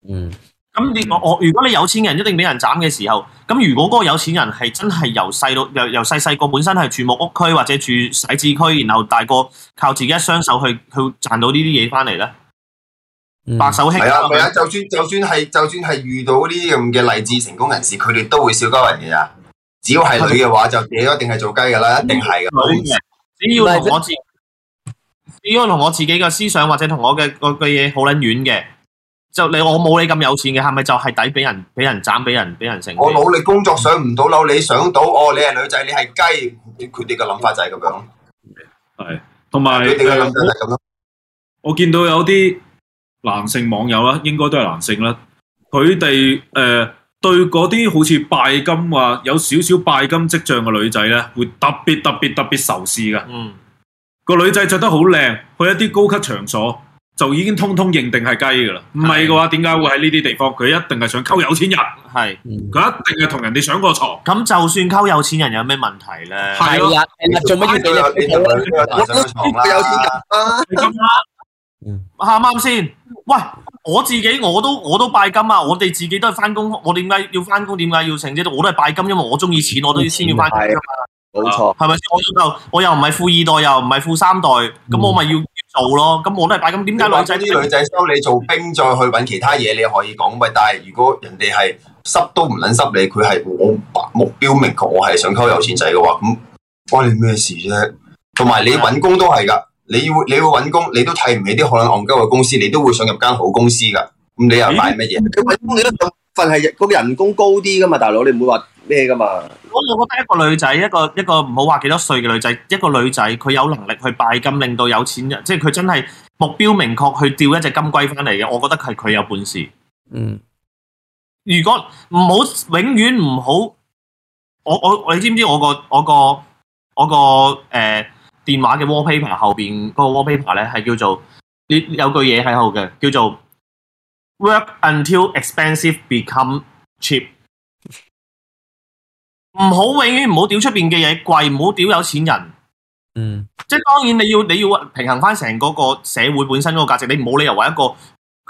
嗯，咁你我如果你有錢嘅人一定俾人斬嘅時候，咁如果嗰個有錢人係真係由細到由由細細個本身係住木屋區或者住徙置區，然後大個靠自己一雙手去去賺到這些東西回來呢啲嘢翻嚟咧？白手興、嗯、啊，啊！就算就算係，就算係遇到呢啲咁嘅勵志成功人士，佢哋都會少交人嘅咋。只要係女嘅話，就自己一定係做雞噶啦，嗯、一定係嘅。人只要同我自己，是只要同我自己嘅思想或者同我嘅句嘢好撚遠嘅，就你我冇你咁有錢嘅，係咪就係抵俾人俾人斬俾人俾人成？我努力工作上唔到樓，你上、嗯、到哦？你係女仔，你係雞，佢哋嘅諗法就係咁樣。係同埋，我見到有啲。男性網友啦，應該都係男性啦。佢哋誒對嗰啲好似拜金話有少少拜金迹象嘅女仔咧，會特別特別特別仇視噶。嗯，個女仔着得好靚，去一啲高級場所就已經通通認定係雞噶啦。唔係嘅話，點解的會喺呢啲地方？佢一定係想溝有錢人。係的，佢一定係同人哋上過床。咁、嗯、就算溝有錢人，有咩問題咧？係啊，做乜要同有錢人上過床啦？啊啱唔啱先？喂，我自己我都我都拜金啊！我哋自己都係返工，我點解要返工？點解要成績？我都係拜金，因為我中意錢，我都先要翻錢噶嘛。冇錢錯，係咪先？嗯、我又我又唔係富二代，又唔係富三代，咁我咪要做咯。咁、嗯、我都係拜金，點解女仔啲女仔收你做兵，再去搵其他嘢，你可以講喂。但係如果人哋係濕都唔撚濕你，佢係我目標明確，我係想溝有錢仔嘅話，咁關你咩事啫？同埋你搵工都係噶。你會你會揾工，你都睇唔起啲可能戇鳩嘅公司，你都會想入間好公司噶咁你又買乜嘢？揾工你都想份係個人工高啲噶嘛，大佬你唔會話咩噶嘛。我我覺得一個女仔，一個一個唔好話幾多歲嘅女仔，一個女仔佢有能力去拜金，令到有錢人，即係佢真係目標明確去釣一隻金龜翻嚟嘅我覺得係佢有本事。嗯，如果唔好永遠唔好，我我我你知唔知我個我個我個誒？電話嘅 wallpaper 後面嗰個 wallpaper 咧，係叫做呢有句嘢喺後嘅，叫做 work until expensive become cheap。唔好 永遠唔好屌出邊嘅嘢貴，唔好屌有錢人。嗯，即係當然你要你要平衡翻成嗰個社會本身嗰個價值，你冇理由為一個豬、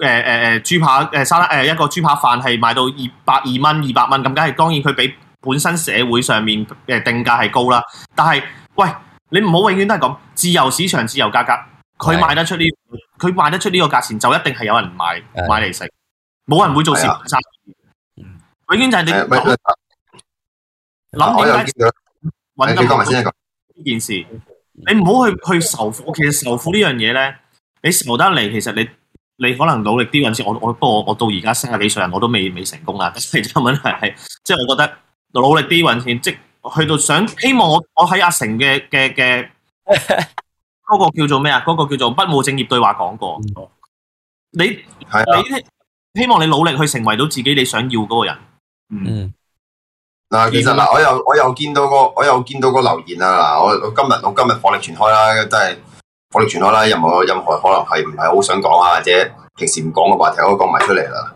呃、扒誒沙拉誒一個豬扒飯係賣到二百二蚊二百蚊咁，梗係當然佢比本身社會上面嘅定價係高啦。但係喂。你唔好永遠都係咁自由市場、自由價格，佢賣得出呢，呢個，佢賣得出呢個價錢，就一定係有人是的買買嚟食，冇人會做蝕本生意的，永遠就係你諗點解揾咁呢件事，你唔好去去仇富。其實仇富呢樣嘢咧，你仇得嚟，其實你你可能努力啲揾錢。我我不過我，我到而家卅幾歲人，我都未未成功啊。得，其實問題係即係我覺得努力啲揾錢即。去到想希望我我喺阿成嘅嘅嘅嗰個叫做咩啊？嗰、嗰個叫做不務正業對話講過。嗯、你係嘅你希望你努力去成為到自己你想要嗰個人。嗯。嗱，其實嗱，我又我又見到個我又見到個留言啊！嗱，我今日我今日我今日火力全開啦，都係火力全開啦。任何任何可能係唔係好想講啊，或者平時唔講嘅話題我都講埋出嚟啦。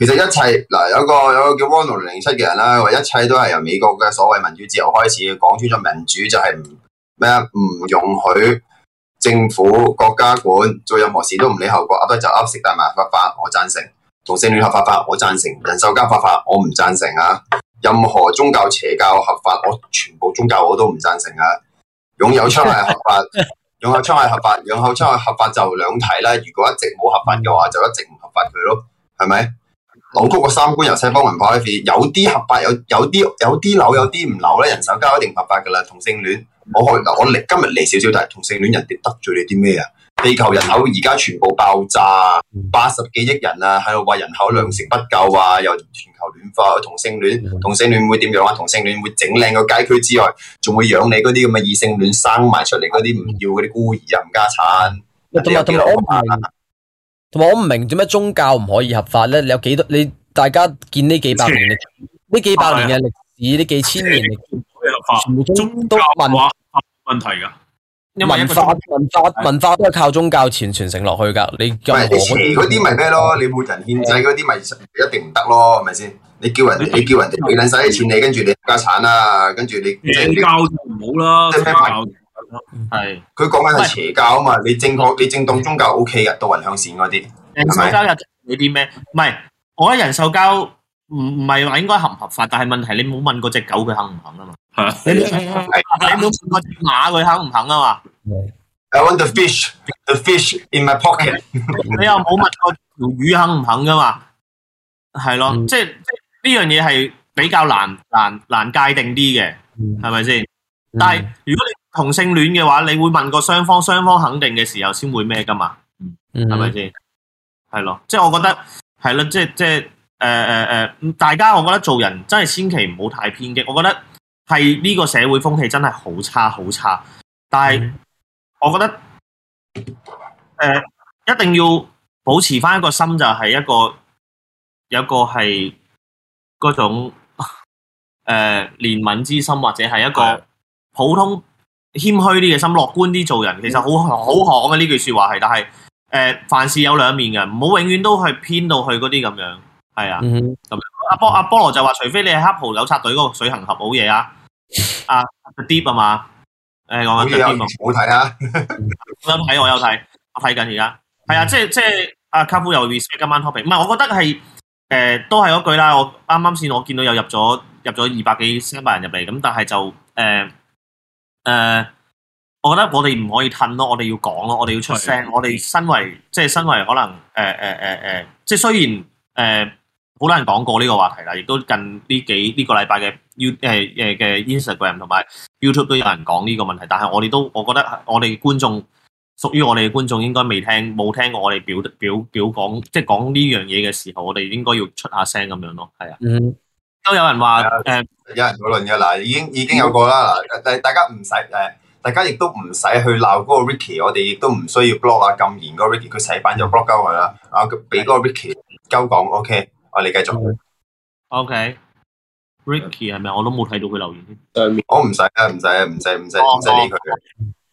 其實一切嗱，有個有個叫 Ronald 零七嘅人啦，話一切都係由美國嘅所謂民主自由開始，講穿咗民主就係唔咩啊，唔容許政府國家管，做任何事都唔理後果，噏得就噏，食大麻合法，我贊成；同性戀合法法，我贊成；人獸交合法，我唔贊成啊。任何宗教邪教合法，我全部宗教我都唔贊成啊。擁有槍械合法，擁有槍械合法，擁有槍械合法就兩體啦。如果一直冇合法嘅話，就一直唔合法佢咯，係咪？老區個三觀由西方文化開始，有啲合法，有有啲有啲樓，有啲唔樓咧，人手交一定合法噶啦。同性戀，我可以，我嚟今日嚟少少，但係同性戀人哋得罪你啲咩啊？地球人口而家全部爆炸，八十幾億人啊，喺度話人口量成不夠啊，又全球暖化，同性戀，同性戀會點樣啊？同性戀會整靚個街區之外，仲會養你嗰啲咁嘅異性戀生埋出嚟嗰啲唔要嗰啲孤兒、冚家鏟，同埋我唔明點解宗教唔可以合法咧？你有幾多？你大家見呢幾百年嘅，呢幾百年嘅歷史，呢的幾千年有文化問題噶？文化文化的文化都係靠宗教傳傳承落去噶。你前嗰啲咪咩咯？你冇人獻祭嗰啲咪一定唔得咯？係咪先？你叫人哋，你叫人哋你捻晒啲錢你跟住你家產啊？跟住你邪教就唔好啦，係，佢講緊係邪教啊嘛，你正確，你正當宗教 O K 噶，導人向善嗰啲。人獸交有有啲咩？唔係，我喺人獸交唔唔係話應該合唔合法，但係問題你冇問過隻狗佢肯唔肯啊嘛？你冇問過隻馬佢肯唔肯啊嘛？I want the fish, the fish in my pocket。你又冇問過條魚肯唔肯噶嘛？係咯，即係呢樣嘢係比較難難難界定啲嘅，係咪先？但係如果你同性戀嘅話，你會問過雙方雙方肯定嘅時候才的，先會咩噶嘛？嗯、hmm.，係咪先？係咯，即係我覺得係啦，即係即係誒誒誒，大家我覺得做人真係千祈唔好太偏激。我覺得係呢個社會風氣真係好差好差。但係我覺得誒、mm hmm. 呃、一定要保持翻一個心，就係一個有一個係嗰種誒憐憫之心，或者係一個普通。謙虛啲嘅心，樂觀啲做人，其實好好講嘅呢句說話係，但係誒，凡事有兩面嘅，唔好永遠都去偏到去嗰啲咁樣，係啊，咁阿波阿波羅就話，除非你係黑袍糾察隊嗰個水行俠好嘢啊，阿 Deep 啊嘛，誒我有睇啊，有睇我有睇，我睇緊而家，係啊，即係即係阿卡夫又 respect 今晚 topic，唔係我覺得係誒都係嗰句啦，我啱啱先我見到有入咗入咗二百幾三百人入嚟，咁但係就誒。誒，我覺得我哋唔可以吞咯，我哋要講咯，我哋要出聲。我哋身為即係身為可能誒誒誒誒，即係雖然誒好多人講過呢個話題啦，亦都近呢幾呢個禮拜嘅 You 誒誒嘅 Instagram 同埋 YouTube 都有人講呢個問題，但係我哋都我覺得我哋觀眾屬於我哋嘅觀眾應該未聽冇聽過我哋表表表講即係講呢樣嘢嘅時候，我哋應該要出下聲咁樣咯，係啊。嗯，都有人話誒。的有人討論嘅嗱，已經已經有過啦嗱，誒大家唔使誒，大家亦都唔使去鬧嗰個 Ricky，我哋亦都唔需要 block 啊，禁言嗰個 Ricky，佢洗版就 block 鳩佢啦。啊，俾嗰個 Ricky 鳩講，OK，我哋繼續。OK，Ricky、okay. 係咪？我都冇睇到佢留言。我唔使啊，唔使啊，唔使唔使唔使理佢。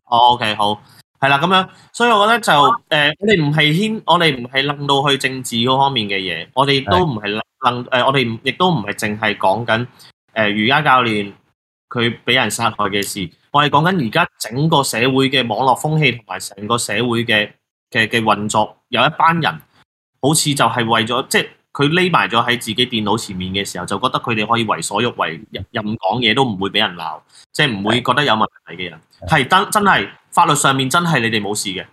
哦、oh，OK，好，係啦，咁樣，所以我覺得就誒、呃，我哋唔係牽，我哋唔係諗到去政治嗰方面嘅嘢，我哋亦都唔係諗，誒的、呃，我哋亦都唔係淨係講緊。誒、呃、瑜伽教練佢俾人殺害嘅事，我哋講緊而家整個社會嘅網絡風氣同埋成個社會嘅嘅嘅運作，有一班人好似就係為咗，即係佢匿埋咗喺自己電腦前面嘅時候，就覺得佢哋可以為所欲為，任任講嘢都唔會俾人鬧，即係唔會覺得有問題嘅人，係，真真係法律上面真係你哋冇事嘅。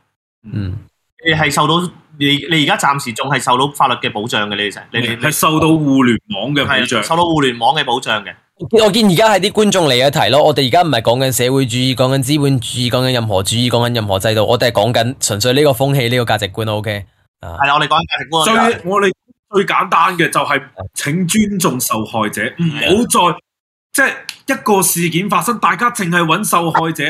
嗯。你係受到你、你而家暫時仲係受到法律嘅保障嘅，你係受到互聯網嘅保障嘅，受到互聯網嘅保障嘅。我見而家係啲觀眾嚟嘅題咯，我哋而家唔係講緊社會主義，講緊資本主義，講緊任何主義，講緊任何制度，我哋係講緊純粹呢個風氣，呢、呢個價值觀。O K，係啦，我哋講緊價值觀。最我哋最簡單嘅就係，請尊重受害者，唔好的再即係、即係、一個事件發生，大家淨係揾受害者。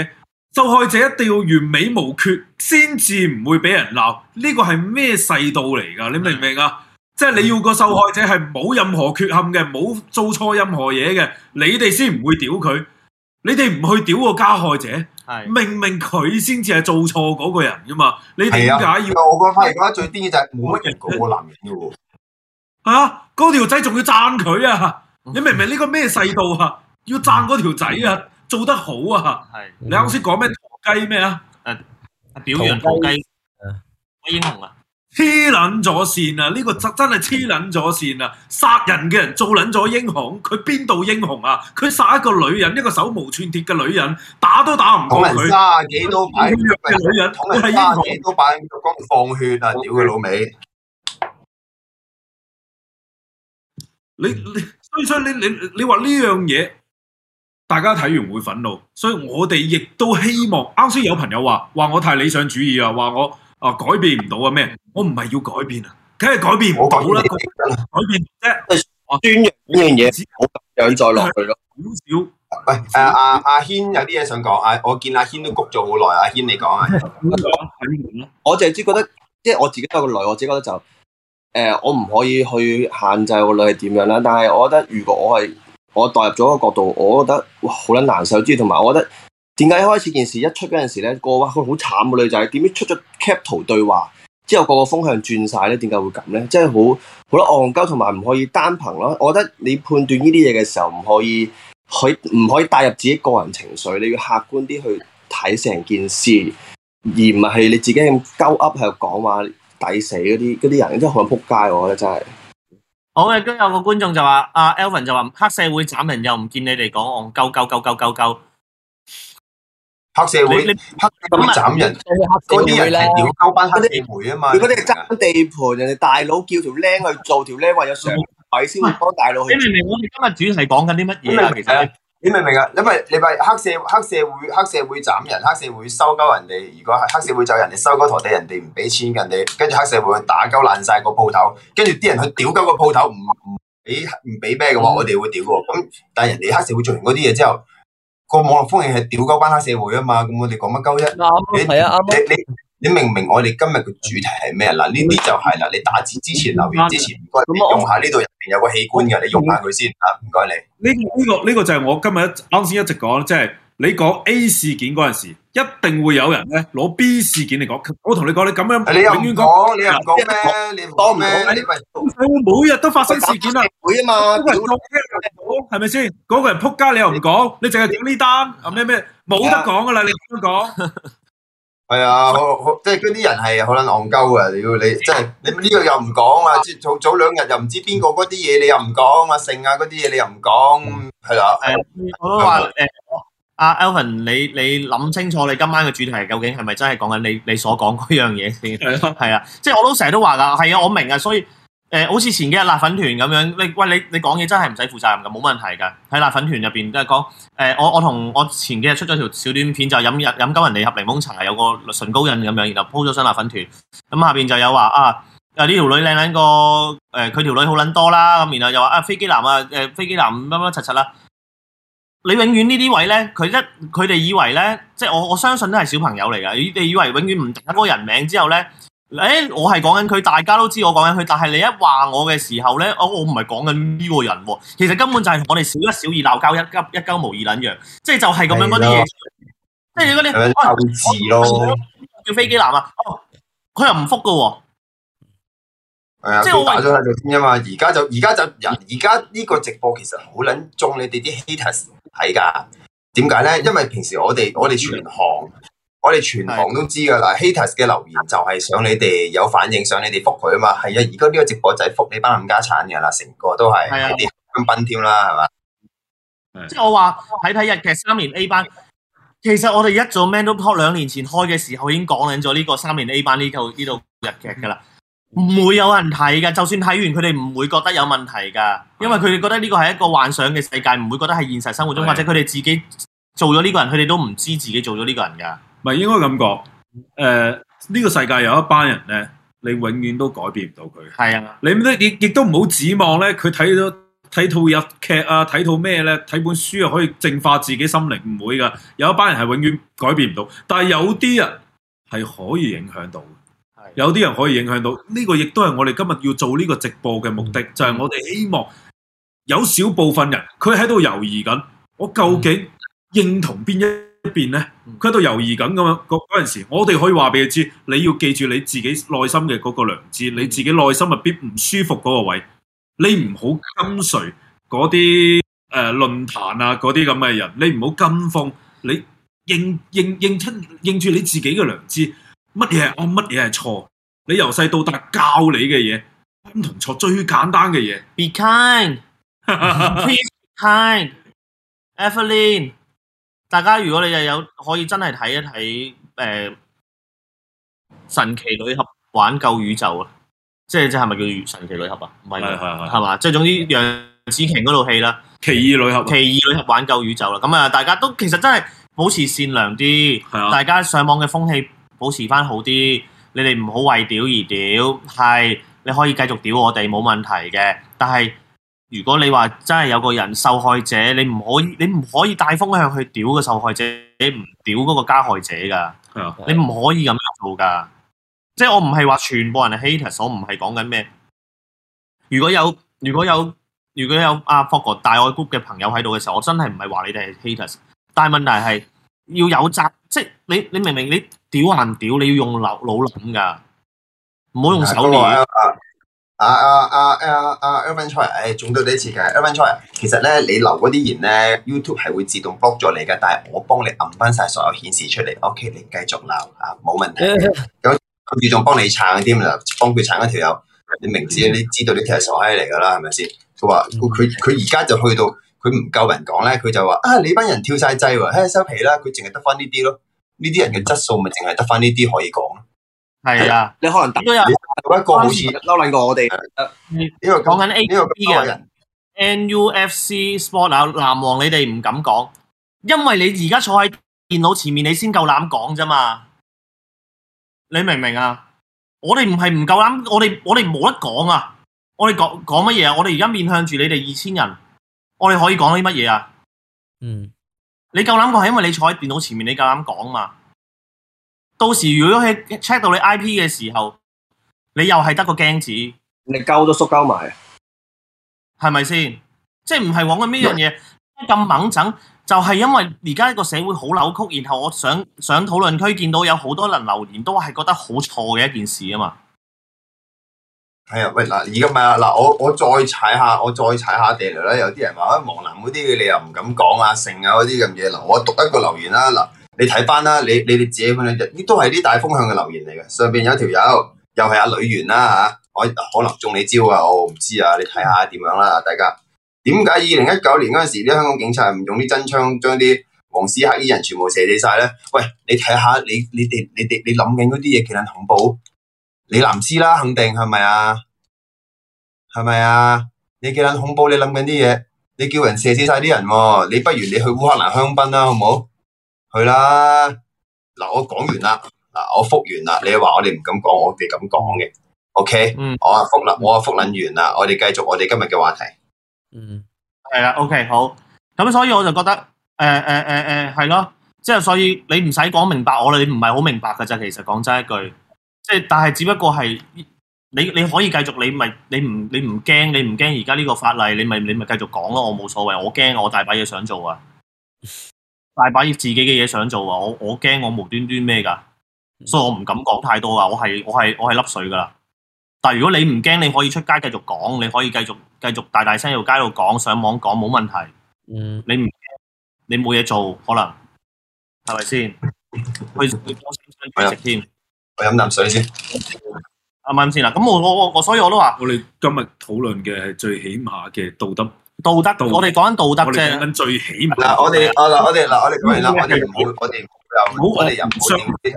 受害者一定要完美無缺，先至唔會俾人鬧。呢個係咩世道嚟噶？你明唔明啊？的即係你要個受害者係冇任何缺陷嘅，冇、嗯、做錯任何嘢嘅，你哋先唔會屌佢。你哋唔去屌個加害者，係的明明佢先至係做錯嗰個人噶嘛？你哋點解要我講翻而家最癲就係冇乜人個男人嘅喎。係啊，嗰條仔仲要讚佢啊！嗯、你明唔明呢個咩世道啊？ 要讚嗰條仔啊！做得好啊！係是你啱先講咩？屠雞咩啊？誒、啊，表揚屠雞，英雄啊？黐捻咗綫啊！呢個真真係黐捻咗綫啊！殺人嘅人做捻咗英雄，佢邊度英雄啊？佢殺一個女人，一個手無寸鐵嘅女人，打都打唔到佢。捅人卅幾多嘅女人，捅人幾都人人幾多板，講放血啊！屌佢老味。你你，所以所以你你你話呢樣嘢？大家睇完會憤怒，所以我哋亦都希望。啱先有朋友話話我太理想主義啊，話我啊改變唔到啊咩？我唔係要改變啊，梗係改變唔到啦，改變即係。專樣呢樣嘢，咁樣再落去咯。少少，喂阿阿阿軒有啲嘢想講，啊我見阿軒都谷咗好耐，阿軒你講啊。我講睇面咯，啊、我淨係只覺得，即係我自己都有個女，我自己我只覺得就誒、呃，我唔可以去限制個女係點樣啦。但係我覺得如果我係我代入咗個角度，我覺得好撚難受之。之，同埋我覺得點解一開始一件事一出嗰陣時咧，那個哇佢好慘個女仔點知出咗 c a p t i o 對話之後個個風向轉晒咧？點解會咁咧？真係好好多戇鳩，同埋唔可以單憑咯。我覺得你判斷呢啲嘢嘅時候唔可以，佢唔可以帶入自己個人情緒，你要客觀啲去睇成件事，而唔係你自己咁鳩噏喺度講話抵死嗰啲啲人，真係好撲街，我覺得真係。好嘅，都有個觀眾就話，阿 Alvin 就話黑社會斬人，又唔見你哋講哦，夠夠夠夠夠夠，黑社會你黑咁斬人，嗰啲人係小班黑地盤啊嘛，佢嗰啲係爭地盤，人哋大佬叫條僆去做，條僆話有上位先會幫大佬。你明明我哋今日主要講緊啲乜嘢啊？其實。你明唔明啊？因為你話黑社黑社會黑社會斬人，黑社會收鳩人哋。如果係黑社會走人哋收鳩台地，人哋唔俾錢給人，人哋跟住黑社會打爛去打鳩爛晒個鋪頭，跟住啲人去屌鳩個鋪頭，唔唔俾唔俾咩嘅話，我哋會屌嘅。咁、嗯、但係人哋黑社會做完嗰啲嘢之後，個網絡風氣係屌鳩班黑社會啊嘛。咁我哋講乜鳩啫？你你。你明唔明？我哋今日嘅主題係咩？嗱，呢啲就係啦。你打字之前、留言之前，唔該，你用下呢度入邊有個器官嘅，你用下佢先啊！唔該你。呢呢個呢個就係我今日啱先一直講，即係你講 A 事件嗰陣時，一定會有人咧攞 B 事件嚟講。我同你講，你咁樣永遠講，你又講咩？你唔講你我每日都發生事件啊！會啊嘛，每個人都有好，係咪先？嗰個人仆街，你又唔講？你淨係講呢單啊？咩咩？冇得講噶啦！你咁樣講。係、哎、啊，即係嗰啲人係好撚戇鳩啊！你要你即係你呢個又唔講啊，即早早兩日又唔知邊個嗰啲嘢，你又唔講啊，盛啊嗰啲嘢你又唔講。係啦的，誒、哎，我都話誒，阿、哎呀啊、Alvin，你你諗清楚，你今晚嘅主題究竟係咪真係講緊你你所講嗰樣嘢先？係啊的，即係、就是、我都成日都話噶，係啊，我明啊，所以。誒，好似前幾日辣粉團咁樣，你喂你你講嘢真係唔使負責任噶，冇問題噶。喺辣粉團入面，都係講，我我同我前幾日出咗條小短片，就飲飲緊人哋盒檸檬茶，有個唇膏印咁樣，然後鋪咗上辣粉團。咁下面就有話啊，呢條女靚靚個佢條、啊、女好撚多啦。咁然後又話啊飛機男啊，誒飛機男乜乜柒柒啦。你永遠呢啲位咧，佢一佢哋以為咧，即係我我相信都係小朋友嚟噶，你哋以為永遠唔打個人名之後咧。誒、哎，我係講緊佢，大家都知我講緊佢。但係你一話我嘅時候咧，我我唔係講緊呢個人喎。其實根本就係我哋小一、小二鬧交，一交一交無二撚樣，即係就係咁樣嗰啲嘢。即係如果你就似咯，叫飛機男啊，哦，佢又唔復嘅喎。係啊，都打咗喺度先啊嘛。而家就而家就人，而家呢個直播其實好撚中你哋啲 haters 睇㗎。點解咧？因為平時我哋我哋全行。我哋全行都知噶，嗱的，Haters 嘅留言就係想你哋有反應，想你哋覆佢啊嘛。係啊，而家呢個直播就係覆你班冚家產嘅啦，成個都係啲新品添啦，係嘛？即係我話睇睇日劇三年 A 班，的其實我哋一早 Mandalot 兩年前開嘅時候已經講緊咗呢個三年 A 班呢套呢套日劇噶啦，唔會有人睇噶，就算睇完佢哋唔會覺得有問題噶，因為佢哋覺得呢個係一個幻想嘅世界，唔會覺得係現實生活中，的或者佢哋自己做咗呢個人，佢哋都唔知自己做咗呢個人噶。唔係應該咁講，誒呢個世界有一班人咧，你永遠都改變唔到佢。係啊，你亦亦都唔好指望咧，佢睇到睇套日劇啊，睇套咩咧，睇本書啊，可以淨化自己心靈，唔會㗎。有一班人係永遠改變唔到，但係有啲人係可以影響到。係有啲人可以影響到，呢個亦都係我哋今日要做呢個直播嘅目的，就係我哋希望有少部分人，佢喺度猶豫緊，我究竟認同邊一一邊咧，佢喺度猶豫緊咁樣嗰嗰陣時，我哋可以話俾佢知，你要記住你自己內心嘅嗰個良知，你自己內心入邊唔舒服嗰個位，你唔好跟隨嗰啲誒論壇啊嗰啲咁嘅人，你唔好跟風，你認認認出認住你自己嘅良知，乜嘢係啱，乜嘢係錯，你由細到大教你嘅嘢，唔同錯，最簡單嘅嘢，Be kind. Please be kind，Evelyn。大家如果你又有可以真係睇一睇，誒、呃、神奇女俠玩救宇宙啊！即即係咪叫神奇女俠啊？唔係，係啊嘛？吧即係總之楊紫瓊嗰套戲啦，《奇異女俠奇異女俠》挽救宇宙啦。咁啊，大家都其實真係保持善良啲，啊、大家上網嘅風氣保持翻好啲。你哋唔好為屌而屌，係，你可以繼續屌我哋冇問題嘅，但係。如果你話真係有個人受害者，你唔可以，你唔可以帶風向去屌個受害者，你唔屌嗰個加害者噶。Okay. 你唔可以咁做噶。即係我唔係話全部人係 hater，s 我唔係講緊咩。如果有如果有如果有阿、啊、Forge 大愛 group 嘅朋友喺度嘅時候，我真係唔係話你哋係 hater。s 但係問題係要有責，即係你你明明你屌還屌，你要用腦腦諗噶，唔好用手亂。啊啊啊啊啊 Adventurer 誒，仲、啊啊啊、對你一次嘅 Adventurer 其實咧你留嗰啲言咧，YouTube 係會自動 block 咗你嘅，但係我幫你摁翻晒所有顯示出嚟，O.K. 你繼續鬧啊，冇問題。咁佢仲幫你撐添啦，幫佢撐嗰條友，你明知你知道呢條係傻閪嚟㗎啦，係咪先？佢話佢佢而家就去到佢唔夠人講咧，佢就話啊你班人跳晒掣喎，收皮啦！佢淨係得翻呢啲咯，呢啲人嘅質素咪淨係得翻呢啲可以講。係啊，是你可能都有一個好似嬲過我哋。呢的、啊這個講緊 A B 嘅 N U F C Sport 藍、啊、王，你哋唔敢講，因為你而家坐喺電腦前面，你先夠膽講啫嘛。你明唔明啊？我哋唔係唔夠膽，我哋我哋冇得講啊！我哋講講乜嘢啊？我哋而家面向住你哋二千人，我哋可以講啲乜嘢啊？嗯，你夠膽講，係因為你坐喺電腦前面，你夠膽講嘛？到時如果喺 check 到你 IP 嘅時候，你又係得個鏡子，你膠都塑交埋，係咪先？即係唔係講緊呢樣嘢，咁猛整？就係、是、因為而家呢個社會好扭曲，然後我想上討論區見到有好多人留言都係覺得好錯嘅一件事啊嘛。係啊，喂嗱，而家咪係啊嗱，我我再踩下，我再踩下地雷啦。有啲人話啊，黃藍嗰啲你又唔敢講啊，剩啊嗰啲咁嘢嗱，我讀一個留言啦嗱。你睇翻啦，你你哋自己咁樣，呢都係啲大方向嘅留言嚟嘅。上邊有條友又係阿女元啦吓，我、啊、可能中你招啊，我唔知啊，你睇下點樣啦，大家。點解二零一九年嗰陣時啲香港警察唔用啲真槍將啲黃絲黑衣人全部射死晒咧？喂，你睇下你你哋你哋你諗緊嗰啲嘢幾捻恐怖？你藍絲啦，肯定係咪啊？係咪啊？你幾捻恐怖？你諗緊啲嘢，你叫人射死晒啲人、啊，你不如你去烏克蘭香檳啦，好唔好？去啦！嗱，我講完啦，嗱，我復完啦。你話我哋唔敢講，我哋咁講嘅。OK，嗯，我啊復啦，我啊復捻完啦，我哋繼續我哋今日嘅話題。嗯，係啦。OK，好。咁所以我就覺得，誒誒誒誒，係咯。即係所以你唔使講明白我啦，你唔係好明白噶咋。其實講真一句，即係但係只不過係，你你可以繼續，你咪你唔你唔驚，你唔驚而家呢個法例，你咪你咪繼續講咯。我冇所謂，我驚我大把嘢想做啊。大把自己嘅嘢想做啊！我我驚我無端端咩噶，嗯、所以我唔敢講太多啊，我係我係我係笠水噶啦。但係如果你唔驚，你可以出街繼續講，你可以繼續繼續大大聲喺度街度講，上網講冇問題。嗯，你唔驚你冇嘢做，可能係咪先？去食添，我飲啖水先。啱唔啱先啦？咁我我我，所以我都話，我哋今日討論嘅係最起碼嘅道德。道德，我哋講緊道德啫。我哋講緊最起碼嗱、啊，我哋是啊嗱，我哋嗱，我哋講緊我哋唔好，我哋唔好，唔好講啲人唔好啲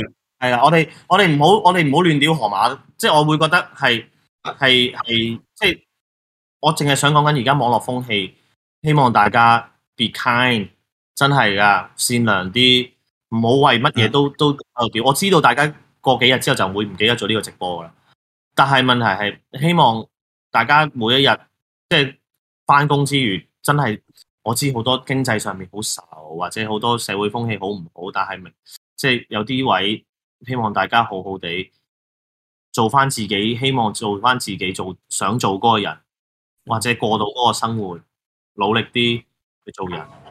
人住係啦，我哋我哋唔好，我哋唔好亂屌河馬，即、就、係、是、我會覺得係係係，即係、就是、我淨係想講緊而家網絡風氣，希望大家 be kind，真係㗎善良啲，唔好為乜嘢都、嗯、都屌。我知道大家過幾日之後就會唔記得咗呢個直播啦，但係問題係希望大家每一日即係。就是返工之餘，真係我知好多經濟上面好愁，或者好多社會風氣好唔好，但係明即係有啲位希望大家好好地做返自己，希望做返自己做想做嗰個人，或者過到嗰個生活，努力啲去做人。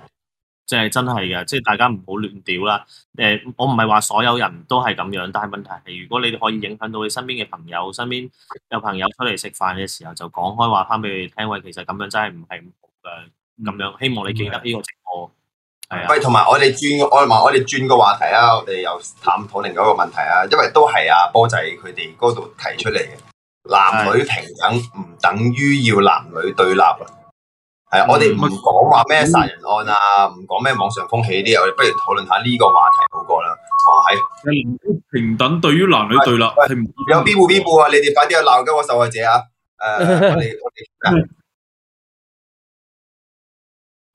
即係真係嘅，即係大家唔好亂屌啦。誒，我唔係話所有人都係咁樣，但係問題係如果你可以影響到你身邊嘅朋友，身邊有朋友出嚟食飯嘅時候，就講開話翻俾佢聽，喂，其實咁樣真係唔係咁好嘅。咁樣、嗯、希望你記得呢個情況。係啊，喂，同埋我哋轉，是我唔係是我哋轉個話題啊，我哋又探討另外一個問題啊，因為都係阿波仔佢哋嗰度提出嚟嘅男女平等唔等於要男女對立啊。係啊，我哋唔講話咩殺人案啊，唔講咩網上風氣啲啊，我不如討論下呢個話題好過啦。哇平等對於男女對立係有 B 部 B 部啊，你哋快啲去鬧嘅我受害者啊。誒，我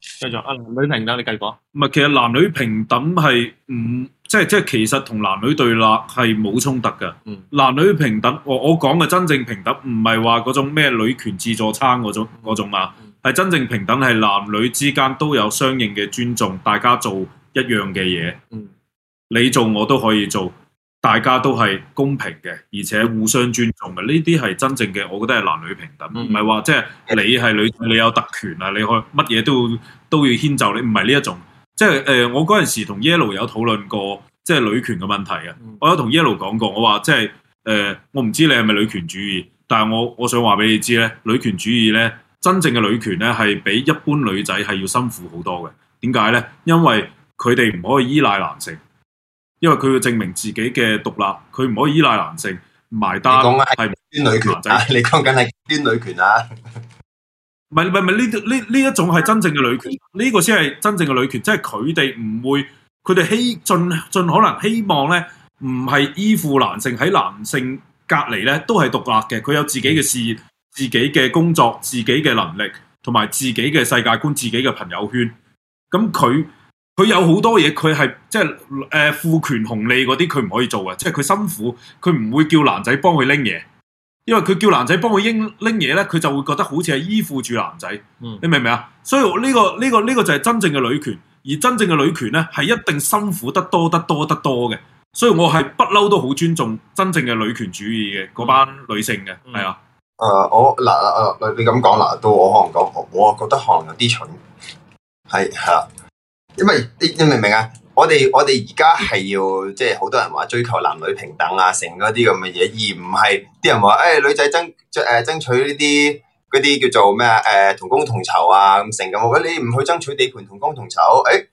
繼續啊，男女平等你繼續。唔係，其實男女平等係唔、嗯、即係即係，其實同男女對立係冇衝突嘅。嗯、男女平等，我我講嘅真正平等，唔係話嗰種咩女權自助餐嗰種種啊。嗯係真正平等，係男女之間都有相應嘅尊重，大家做一樣嘅嘢，你做我都可以做，大家都係公平嘅，而且互相尊重嘅，呢啲係真正嘅，我覺得係男女平等，唔係話即係你係女，是的你有特權啊，你可乜嘢都都要遷就你，唔係呢一種。即係誒，我嗰陣時同 Yellow 有討論過，即係女權嘅問題啊，我有同 Yellow 講過，我話即係誒，我唔知你係咪女權主義，但係我我想話俾你知咧，女權主義咧。真正嘅女權咧，係比一般女仔係要辛苦好多嘅。點解咧？因為佢哋唔可以依賴男性，因為佢要證明自己嘅獨立，佢唔可以依賴男性埋單。你講啊，係咩女權仔，你講緊係咩女權啊？唔係唔係唔係呢？呢呢、呢、一種係真正嘅女權，呢、這個先係真正嘅女權，即係佢哋唔會，佢哋希盡盡可能希望咧，唔係依附男性喺男性隔籬咧，都係獨立嘅，佢有自己嘅事業。嗯自己嘅工作、自己嘅能力、同埋自己嘅世界觀、自己嘅朋友圈，咁佢佢有好多嘢，佢係即係誒，父權紅利嗰啲，佢唔可以做嘅，即係佢辛苦，佢唔會叫男仔幫佢拎嘢，因為佢叫男仔幫佢拎拎嘢咧，佢就會覺得好似係依附住男仔，嗯、你明唔明啊？所以呢、呢個呢、呢個呢、呢個就係真正嘅女權，而真正嘅女權咧係一定辛苦得多得多得多嘅，所以我係不嬲都好尊重真正嘅女權主義嘅嗰班女性嘅，係、嗯嗯、啊。誒，我嗱，誒，你咁講，嗱，到我可能講，我我覺得可能有啲蠢，係係啦，因為你明唔明啊？我哋我哋而家係要，即係好多人話追求男女平等啊，成嗰啲咁嘅嘢，而唔係啲人話，誒，女仔爭，誒爭取呢啲嗰啲叫做咩啊？誒，同工同酬啊，咁成咁，我覺得，你唔去爭取地盤同工同酬，誒，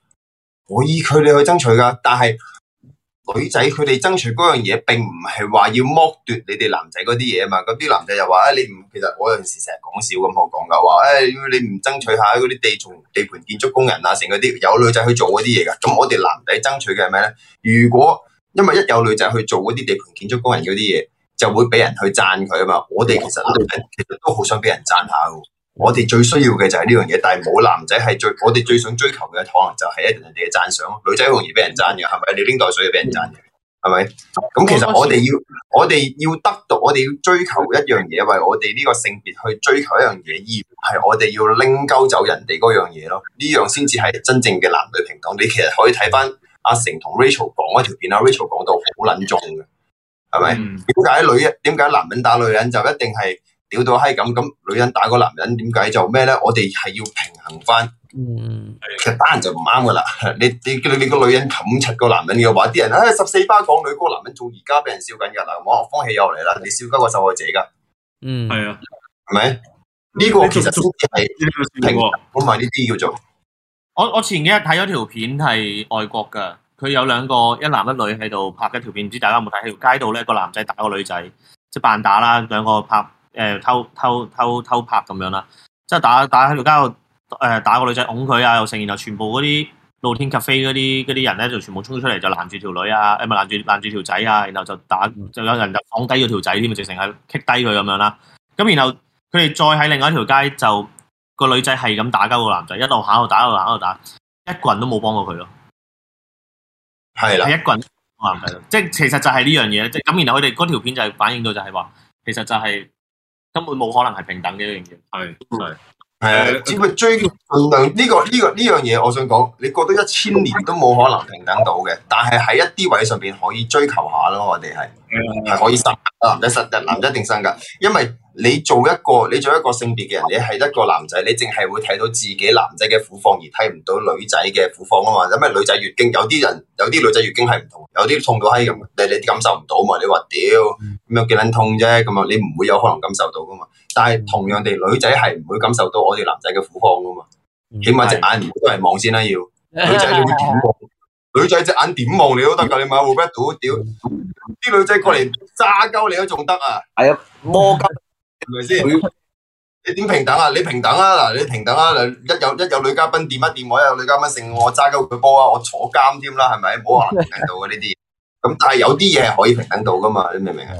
我依佢你去爭取噶，但係。女仔佢哋爭取嗰樣嘢並唔係話要剝奪你哋男仔嗰啲嘢啊嘛，咁啲男仔又話，誒你唔，其實我有陣時成日講笑咁我講噶話，誒你唔爭取下嗰啲地從地盤建築工人啊，成嗰啲有女仔去做嗰啲嘢㗎，咁我哋男仔爭取嘅係咩咧？如果因為一有女仔去做嗰啲地盤建築工人嗰啲嘢，就會俾人去贊佢啊嘛，我哋其實其實都好想俾人贊下㗎。我哋最需要嘅就係呢樣嘢，但係冇男仔係最我哋最想追求嘅，可能就係一定人哋嘅讚賞，女仔好容易俾人讚嘅，係咪？你拎袋水就俾人讚嘅，係咪？咁其實我哋要我哋要得到，我哋要追求一樣嘢，為我哋呢個性別去追求一樣嘢，而係我哋要拎鳩走人哋嗰樣嘢咯。呢樣先至係真正嘅男女平等。你其實可以睇翻阿成同、嗯啊、Rachel 講嗰條片啊 Rachel 講到好捻重嘅，係咪？點解、嗯、女？點解男人打女人就一定係？屌到閪咁，咁女人打個男人點解就咩咧？我哋係要平衡翻，其實打人就唔啱噶啦。你你你個女人擒五七個男人嘅話，啲人誒十四班港女個男人做而家俾人笑緊噶啦，我風氣又嚟啦，你笑鳩個受害者噶。嗯，係啊，係咪呢個其實係平衡，唔係呢啲叫做。做做做做我我前幾日睇咗條片係外國噶，佢有兩個一男一女喺度拍嘅條片，唔知大家有冇睇？喺條街度咧，個男仔打個女仔，即係扮打啦，兩個拍。誒偷偷偷偷拍咁樣啦，即係打打喺條街度誒、呃、打個女仔擁佢啊，又成，然後全部嗰啲露天 cafe 嗰啲啲人咧就全部衝出嚟就攔住條女啊，誒、哎、咪攔住攔住條仔啊，然後就打，就有人就放低咗條仔添咪直成係棘低佢咁樣啦。咁然後佢哋再喺另外一條街就個女仔係咁打交，個男仔，一路打一路打一路打，一個人都冇幫過佢咯。係係是的 一個人幫男仔咯，即係是的 其實就係呢樣嘢。即係咁，然後佢哋嗰條片就係、是、反映到就係、是、話，其實就係、是。根本冇可能係平等嘅一樣嘢，係係是。是係，只不過追呢個呢個呢樣嘢，我想講，你覺得一千年都冇可能平等到嘅，但係喺一啲位上邊可以追求下咯。我哋係係可以生啊，你生男仔一定生噶，因為你做一個你做一個性別嘅人，你係一個男仔，你淨係會睇到自己男仔嘅苦況，而睇唔到女仔嘅苦況啊嘛。因為女仔月經，有啲人有啲女仔月經係唔同，有啲痛到閪咁，你你感受唔到嘛？你話屌咁有幾捻痛啫？咁啊，你唔會有可能感受到噶嘛？但係同樣地，女仔係唔會感受到我哋男仔嘅苦況噶嘛？的起碼隻眼都係望先啦，要女仔會點望？女仔隻 眼點望你都得噶，你咪會賭不賭？屌， 啲女仔過嚟揸鳩你都仲得啊？係啊 根，摸金係咪先？你點平等啊？你平等啊？嗱，你平等啊？一有一有女嘉賓掂一掂，我，一有女嘉賓勝我，揸鳩佢波啊，我坐監添、啊、啦，係咪？冇可能平等到嘅呢啲。咁 但係有啲嘢係可以平等到噶嘛？你明唔明啊？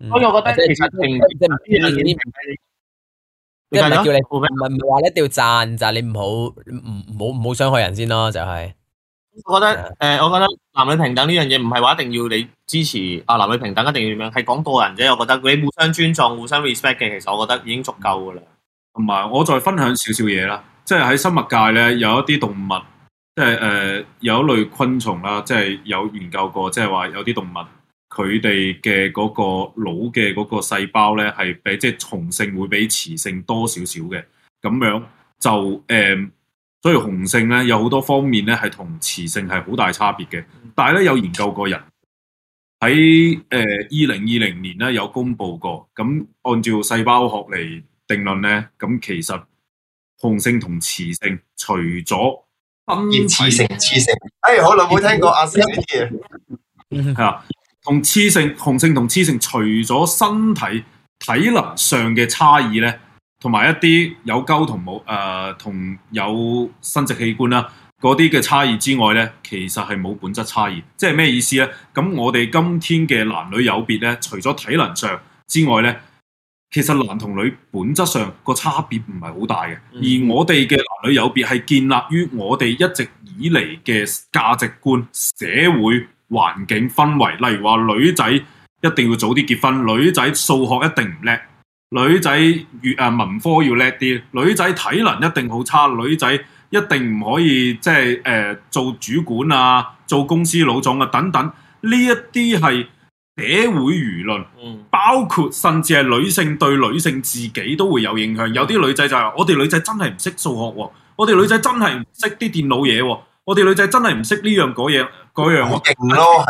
所以我覺得其實平即係唔係叫你唔係唔係話一定要贊就你，唔好唔好唔好傷害人先咯，就係我覺得，誒我覺得男女平等呢樣嘢唔係話一定要你支持啊，男女平等一定要點係講個人啫，我覺得你互相尊重互相 respect 嘅，其實我覺得已經足夠噶啦。同埋我再分享少少嘢啦，即係喺生物界咧有一啲動物，即係誒有一類昆蟲啦，即係有研究過即係話有啲動物。佢哋嘅嗰個腦嘅嗰個細胞咧，係比即係雄性會比雌性多少少嘅，咁樣就誒、呃，所以雄性咧有好多方面咧係同雌性係好大差別嘅。但係咧有研究過人喺誒二零二零年咧有公布過，咁按照細胞學嚟定論咧，咁其實雄性同雌性除咗分別雌性、雌性，哎，好耐冇聽過阿 Sir 同雌性、雄性同雌性，除咗身體體能上嘅差異呢，同埋一啲有睾同冇誒同有生殖器官啦嗰啲嘅差異之外呢，其實係冇本質差異。即係咩意思呢？咁我哋今天嘅男女有別呢，除咗體能上之外呢，其實男同女本質上個差別唔係好大嘅。嗯、而我哋嘅男女有別係建立於我哋一直以嚟嘅價值觀、社會環境氛圍，例如話女仔一定要早啲結婚，女仔數學一定唔叻，女仔文科要叻啲，女仔體能一定好差，女仔一定唔可以即係誒做主管啊，做公司老總啊等等，呢一啲係社會輿論，嗯、包括甚至係女性對女性自己都會有影響。有啲女仔就話：我哋女仔真係唔識數學，我哋女仔真係唔識啲電腦嘢，我哋女仔真係唔識呢樣嗰嘢。嗰樣我勁咯，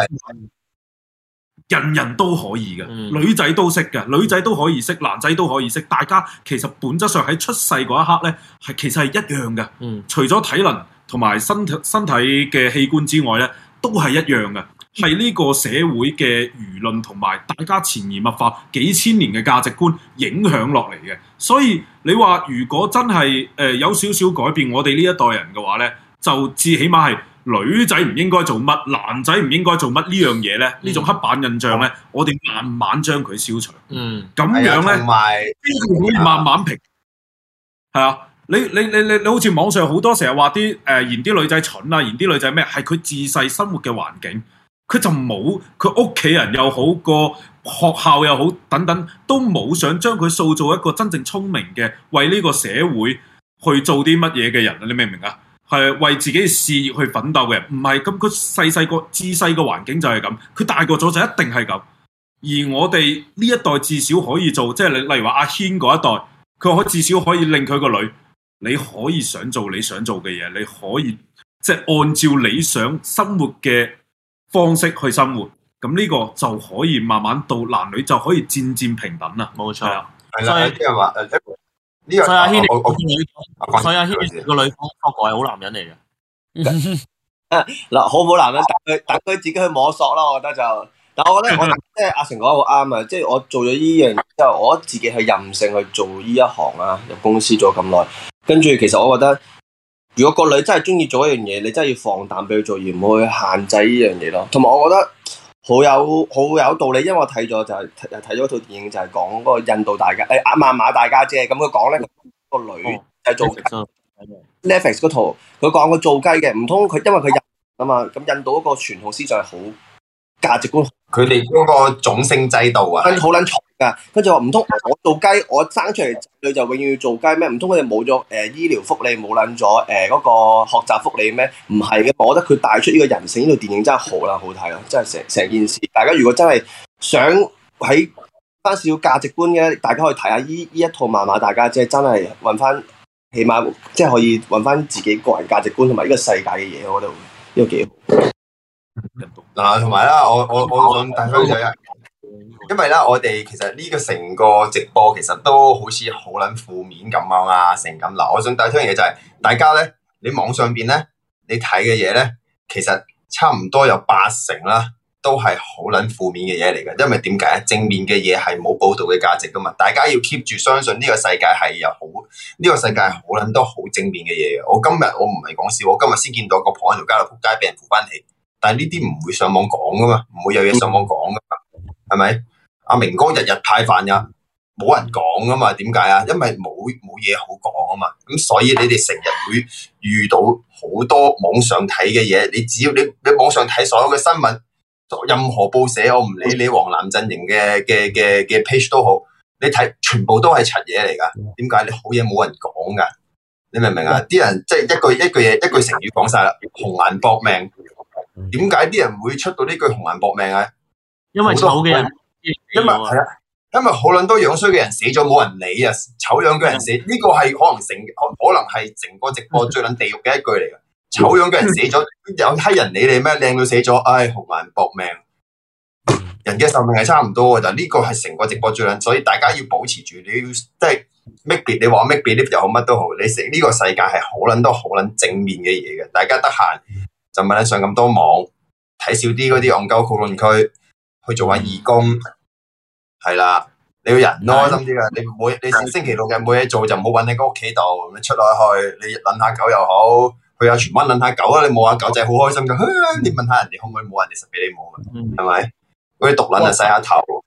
人人都可以嘅、嗯，女仔都識嘅，女仔都可以識，男仔都可以識。大家其實本質上喺出世嗰一刻呢，係其實係一樣嘅。嗯、除咗體能同埋身身體嘅器官之外呢，都係一樣嘅。係呢、嗯、個社會嘅輿論同埋大家潛移默化幾千年嘅價值觀影響落嚟嘅。嗯、所以你話如果真係有少少改變我哋呢一代人嘅話呢，就至起碼係。女仔唔應該做乜，男仔唔應該做乜呢樣嘢咧？呢種黑板印象咧，嗯、我哋慢慢將佢消除。嗯，咁樣咧，同埋可以慢慢平。係啊，啊，你你你你你好似網上好多成日話啲誒，嫌啲女仔蠢啊，嫌啲女仔咩？係佢自細生活嘅環境，佢就冇佢屋企人又好，個學校又好，等等都冇想將佢塑造一個真正聰明嘅，為呢個社會去做啲乜嘢嘅人啊！你明唔明啊？係為自己嘅事業去奮鬥嘅，唔係咁佢細細個，自細個環境就係咁，佢大個咗就一定係咁。而我哋呢一代至少可以做，即係你例如話阿軒嗰一代，佢可至少可以令佢個女，你可以想做你想做嘅嘢，你可以即係、就是、按照你想生活嘅方式去生活。咁呢個就可以慢慢到男女就可以漸漸平等啦，冇錯。係啦，所以阿軒，這我這我個女，阿軒個女方確係好男人嚟嘅，嗱好唔好男人等佢等佢自己去摸索啦。我覺得就，但我覺得我即係阿成講得好啱啊！即係我做咗呢樣之後，我自己係任性去做呢一行啊，入公司做咁耐，跟住其實我覺得，如果個女真係中意做一樣嘢，你真係要放膽俾佢做，而唔好去限制呢樣嘢咯。同埋我覺得。好有好有道理，因為我睇咗就係又睇咗套電影，就係講嗰個印度大家誒阿馬馬大家姐，咁佢講咧、個女就係做雞、哦。Netflix 嗰套佢講佢做雞嘅。唔通佢因為佢印啊嘛？咁印度嗰個傳統思想係好價值觀，佢哋嗰個種姓制度啊，跟住好捻蠢噶，跟住話唔通我做雞，我生出嚟仔女就永遠要做雞咩？唔通佢哋冇咗誒醫療福利，冇捻咗誒嗰個學習福利咩？唔係嘅，我覺得佢帶出呢個人性呢套，這個、電影真係好捻好睇咯，真係成成件事。大家如果真係想喺翻少價值觀嘅，大家可以睇下依依一套漫畫，大家即係真係揾翻，起碼即係可以揾翻自己個人價值觀同埋呢個世界嘅嘢。我覺得呢、這個幾好。 嗱，同埋啦，我我我想帶出嘅，因為咧，我哋其實呢個成個直播其實都好似好撚負面咁啊，成咁。嗱，我想帶出嘅嘢就係、是，大家咧，你網上面咧，你睇嘅嘢咧，其實差唔多有八成啦，都係好撚負面嘅嘢嚟嘅。因為點解？正面嘅嘢係冇報導嘅價值噶嘛。大家要 keep 住相信呢個世界係有好，呢、這個世界係好撚多好正面嘅嘢嘅。我今日我唔係講笑，我今日先見到個婆喺條街度撲街，俾人扶翻起。但呢啲唔會上網講噶嘛，唔會有嘢上網講噶嘛，係咪？阿明哥日日派飯呀，冇人講噶嘛？點解啊？因為冇冇嘢好講啊嘛。咁所以你哋成日會遇到好多網上睇嘅嘢。你只要你你網上睇所有嘅新聞，任何報社，我唔理你黃藍陣營嘅嘅嘅嘅 page 都好，你睇全部都係柒嘢嚟噶。點解你好嘢冇人講噶，你明唔明啊？啲、嗯、人即係、就是、一句一句嘢一句成語講晒啦，紅顏搏命。點解啲人會出到呢句紅顏薄命啊？因為好嘅人，人因為係啊，真謠 因為好捻多樣衰嘅人死咗冇人理啊，醜樣嘅人死呢個係可能成可能係成個直播最捻地獄嘅一句嚟嘅。嗯、醜樣嘅人死咗有閪人理你咩？靚到死咗，唉、哎，紅顏薄命，人嘅壽命係差唔多嘅，但呢個係成個直播最捻，所以大家要保持住，你要即係 make believe 你話 make believe 又好乜都好，你食呢、這個世界係好捻都好捻正面嘅嘢嘅，大家得閒。就唔好你上咁多網，睇少啲嗰啲戇鳩討論區，去做下義工，係啦，你要人開心啲㗎的。你每，你星期六日冇嘢做就唔好揾你個屋企度，出嚟去，你撚下狗又好，去下荃灣撚下狗，你摸下狗仔，好開心嘅，你問下人哋可唔可以摸人哋食畀你冇？啊，係咪？嗰啲獨撚就洗下頭。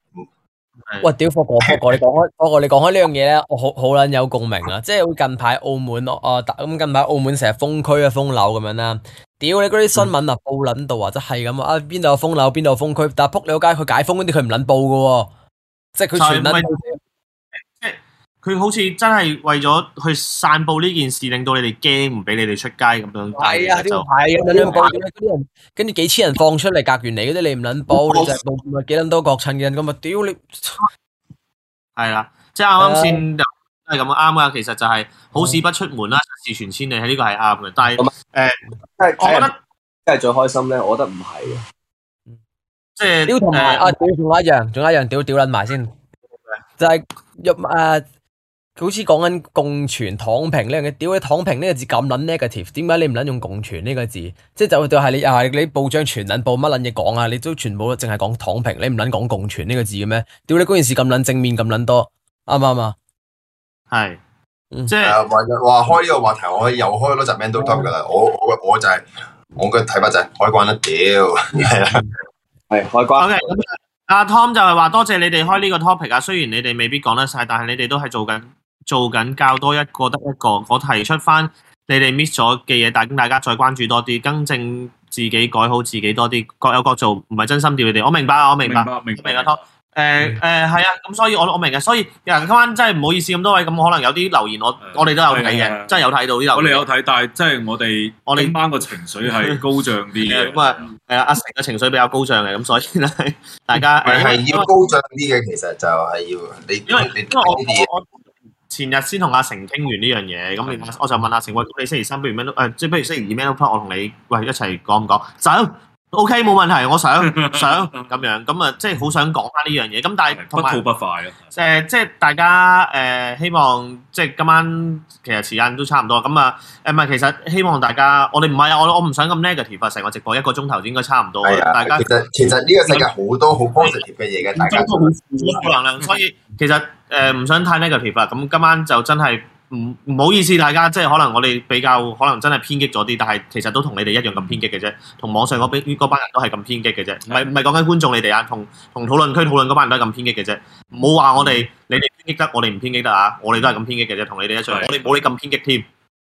喂，屌，福哥，福哥，你講開，福哥 你講開呢樣嘢咧,我好好撚有共鳴啊！即係，好近排澳門，我啊咁近排澳門成日封區啊封樓咁樣啦。屌你嗰啲新聞啊，嗯、報撚到或者係咁啊，邊度有封樓邊度有封區，但係撲你個街，佢解封嗰啲佢唔撚報噶，即係佢全。佢好似真係為咗去散步呢件事，令到你哋驚，唔俾你哋出街咁樣。係啊，啲牌咁樣樣播，嗰啲人跟住幾千人放出嚟，隔住你嗰啲，你唔捻報，你實部唔係幾捻多國趁人咁啊！屌你，係啦，即係啱啱先就係咁啊，啱啊，其實就係好事不出門啦，事傳千里，喺呢個係啱嘅。但係誒，係我覺得真係最開心咧，我覺得唔係嘅，即係屌同埋啊，屌同一樣，仲有一樣屌屌捻埋先，就係入誒。好似講緊共存躺平呢樣嘢，屌你，躺平呢個字咁撚 negative，點解你唔撚用共存呢個字？即係就係、是、你又係你報章全撚報乜撚嘢講啊？你都全部都淨係講躺平，你唔撚講共存呢個字嘅咩？屌你，嗰件事咁撚正面咁撚多，啱唔啱啊？係，即係話話開呢個話題，我可以又開多集 menu 得噶啦。我我我就係我嘅睇法就係開關啦，屌，係啦， 係開關。阿、okay，啊、Tom 就係話多謝你哋開呢個 topic 啊。雖然你哋未必講得晒，但係你哋都係做緊。做緊較多一個得一個，我提出翻你哋 miss 咗嘅嘢，帶大家再關注多啲，更正自己改好自己多啲，各有各做，唔係真心屌你哋，我明白我明白，明明白托誒誒，係啊，咁所以我我明嘅，所以有人今晚真係唔好意思咁多位，咁可能有啲留言我我哋都有睇嘅，真係有睇到啲留言我哋有睇，但係即係我哋我哋班個情緒係高漲啲嘅，咁啊誒阿成嘅情緒比較高漲嘅，咁所以呢大家係要高漲啲嘅，其實就係要你因為我我。前日先同阿成傾完呢樣嘢，咁我我就問阿成，喂，咁你星期三不如咩都，呃、即係不如星期二咩？Monday 我同你喂一齊講唔講？走！O K，冇問題，我想 想咁樣，咁啊、就是呃，即係好想講翻呢樣嘢。咁但係，不吐不快啊！誒，即係大家誒、呃，希望即係今晚其實時間都差唔多。咁啊，誒唔係，其實希望大家我哋唔係啊，我不我唔想咁 negative 啊。成個直播一個鐘頭應該差唔多啊。 大家其實其實呢個世界好多好 positive 嘅嘢嘅，嗯、大家充滿正能量。嗯、所以 其實誒唔、呃、想太 negative 啊。咁今晚就真係～唔唔好意思，大家即係可能我哋比較可能真係偏激咗啲，但係其實都同你哋一樣咁偏激嘅啫，同網上嗰班人都係咁偏激嘅啫。唔係唔係講緊觀眾你哋啊，同同討論區討論嗰班人都係咁偏激嘅啫。唔好話我哋，你哋偏激得，我哋唔偏激得啊！我哋都係咁偏激嘅啫，同你哋一樣。我哋冇你咁偏激添。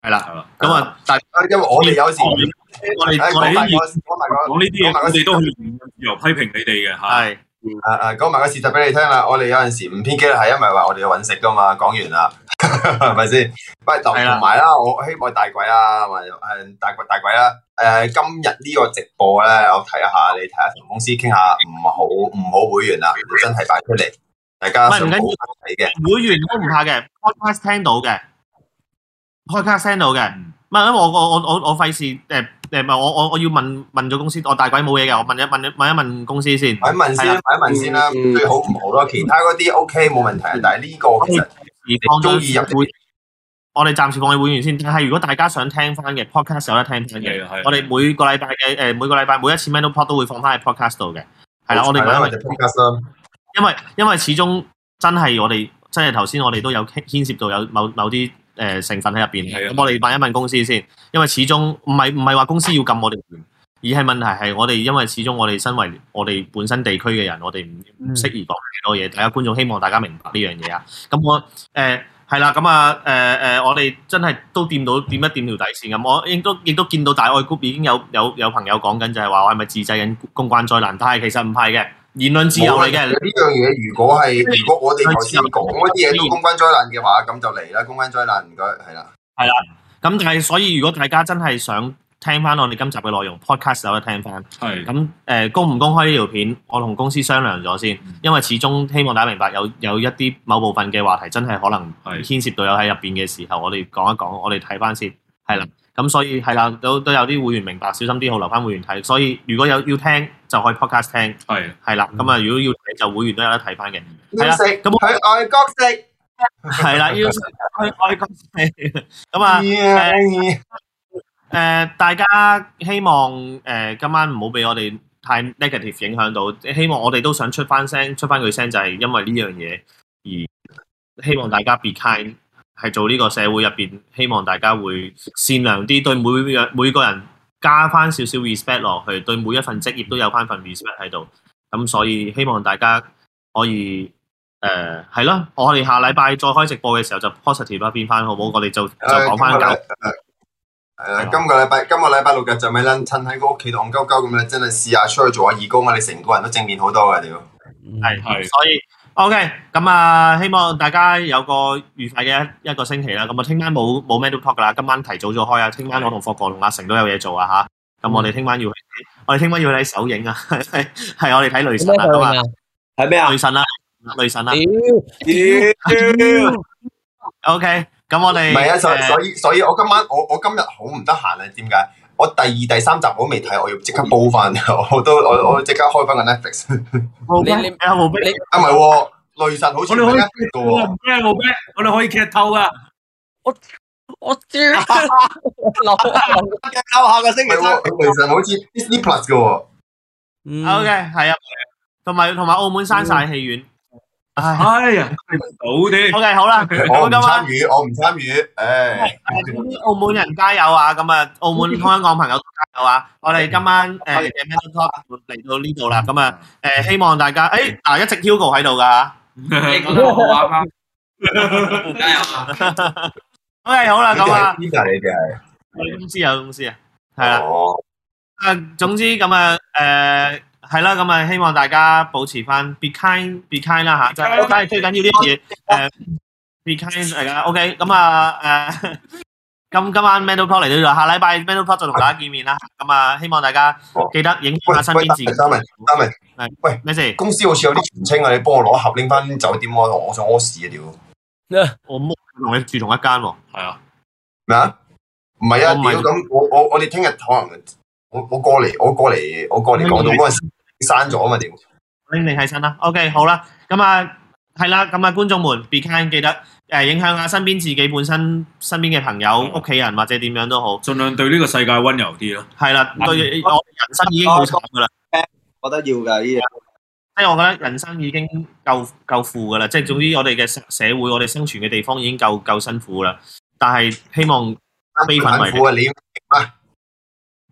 係啦，咁啊，但係因為我哋有時，我哋我哋喺度講呢啲嘢，我哋都自由批評你哋嘅嚇。誒誒，講埋、啊、個事實俾你聽啦，我哋有陣時唔偏激啦，係因為話我哋要揾食噶嘛，講完啦，係咪先？ 是不就同埋啦，的我希望大鬼啦、啊，或大，大鬼大鬼啦，誒、呃、今日呢個直播咧，我睇一下，你睇下同公司傾下，唔好唔好會員啦，真係擺出嚟，大家唔睇嘅會員都唔怕嘅，開的卡聽到嘅，開卡聽到嘅，唔係因為我我我我我費事誒。誒，唔係我我我要問問咗公司，我大鬼冇嘢嘅，我問一問一問一問公司先。問一問先啦，問一的、嗯、問先啦，最好唔好咯。其他嗰啲 O K 冇問題，嗯、但係呢個其實而當中而入會，你我哋暫時放喺會員先。但係如果大家想聽翻嘅 podcast，有得聽嘅。我哋每個禮拜嘅誒、呃，每個禮拜每一次 manual pod 都會放翻喺 podcast 度嘅。係啦，問我哋因為因為始終真係我哋真係頭先我哋都有牽涉到有某某啲。誒、呃、成分喺入邊，咁的我哋問一問公司先，因為始終唔係唔係話公司要禁我哋，而係問題係我哋因為始終我哋身為我哋本身地區嘅人，我哋唔唔適宜講咁多嘢。大家觀眾希望大家明白呢樣嘢啊。咁我誒係啦，咁啊誒誒，我哋真係都掂到掂一掂條底線咁。我亦都亦都見到大愛股已經有有有朋友講緊就係話我係咪自製緊公關災難？但係其實唔係嘅。言論自由嚟嘅呢樣嘢，的如果係如果我哋頭先講嗰啲嘢，都公關災難嘅話，咁就嚟啦！公關災難，唔該係啦，係啦。咁但係，所以如果大家真係想聽翻我哋今集嘅內容，podcast 有得聽翻。係咁的，誒、呃，公唔公開呢條片，我同公司商量咗先，因為始終希望大家明白，有有一啲某部分嘅話題，真係可能牽涉到有喺入邊嘅時候，的我哋講一講，我哋睇翻先看看。係啦。咁所以係啦，都都有啲會員明白，小心啲好留翻會員睇。所以如果有要聽，就可以 podcast 聽。係係啦，咁啊，嗯、如果要睇，就會員都有得睇翻嘅。食，我去外國食。係啦，要食去外國食。咁啊，誒、yeah, 呃呃呃呃、大家希望誒、呃、今晚唔好俾我哋太 negative 影響到。希望我哋都想出翻聲，出翻句聲，就係因為呢樣嘢而希望大家 be kind。係做呢個社會入邊，希望大家會善良啲，對每樣每個人加翻少少 respect 落去，對每一份職業都有翻份 respect 喺度。咁所以希望大家可以誒，係、呃、咯。我哋下禮拜再開直播嘅時候就 positive 啦，變翻好唔好？我哋就就講翻緊。係啊，今個禮拜的的今個禮拜六日就咪撚親喺個屋企戙鳩鳩咁樣，真係試下出去做下義工啊！你成個人都正面好多嘅屌。係係，所以。O K，咁啊，希望大家有個愉快嘅一一個星期啦。咁啊，聽晚冇冇咩 to talk 噶啦。今晚提早咗開啊。聽晚我同霍國龍同阿成都有嘢做啊嚇。咁我哋聽晚要，我哋聽晚要睇首映啊。係係，我哋睇雷神啊嘛。睇咩啊？雷神啦，雷神啦。屌屌。O K，咁我哋唔係啊。所所以所以我今晚我我今日好唔得閒啊？點解？我第二、第三集我都未睇，我要即刻煲翻。我都我我即刻開翻個 Netflix。冇咩？冇咩？啊，唔係，雷神好似 Netflix 冇咩？我哋可以劇透噶。我我知。劇透下個星期雷神好似 Disney Plus 嘅。O K，係啊，同埋同埋澳門山晒戲院。哎呀，賭啲。OK，好啦，我參與，我唔參與，誒。澳門人加油啊！咁啊，澳門通香港朋友都加油啊！我哋今晚誒嘅 mental talk 嚟到呢度啦，咁啊，誒，希望大家誒，嗱，一直 Togo 喺度噶吓，加油啊！OK，好啦，咁啊。邊度嚟嘅？我公司有公司啊，係啦。哦。啊，總之咁啊，誒。係啦，咁啊，希望大家保持翻，be kind，be kind 啦吓，就係最緊要呢啲嘢，誒，be kind 嚟噶，OK，咁啊，誒，咁今晚 medical 嚟到度，下禮拜 medical 再同大家見面啦，咁啊，希望大家記得影下身邊字，三圍，三圍，係，喂，咩事？公司好似有啲澄清啊，你幫我攞盒拎翻酒店，我我想屙屎啊屌！我冇同你住同一間喎，係啊，咩啊？唔係啊，屌，咁我我我哋聽日可能，我我過嚟，我過嚟，我過嚟講到陣時。刪咗啊嘛屌！拎你睇親啦，OK 好啦，咁啊係啦，咁啊觀眾們，be kind 記得誒影響下身邊自己本身身邊嘅朋友、屋企人或者點樣都好，盡量對呢個世界溫柔啲咯。係啦，對我人生已經好慘噶啦，我覺得要噶呢嘢。因為，我覺得人生已經夠夠苦噶啦，即係總之我哋嘅社社會，我哋生存嘅地方已經夠夠辛苦啦。但係希望悲憤為。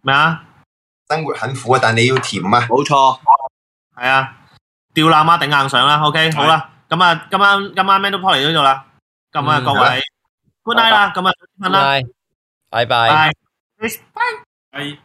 咩啊？生活很苦啊，但係你要甜啊！冇錯，係啊，吊喇媽頂硬上啦。OK，好啦，咁啊，今晚今晚咩都拋嚟呢度啦。咁啊，各位，Good night 啦，咁啊，好啦，拜拜，拜拜，peace，拜，拜。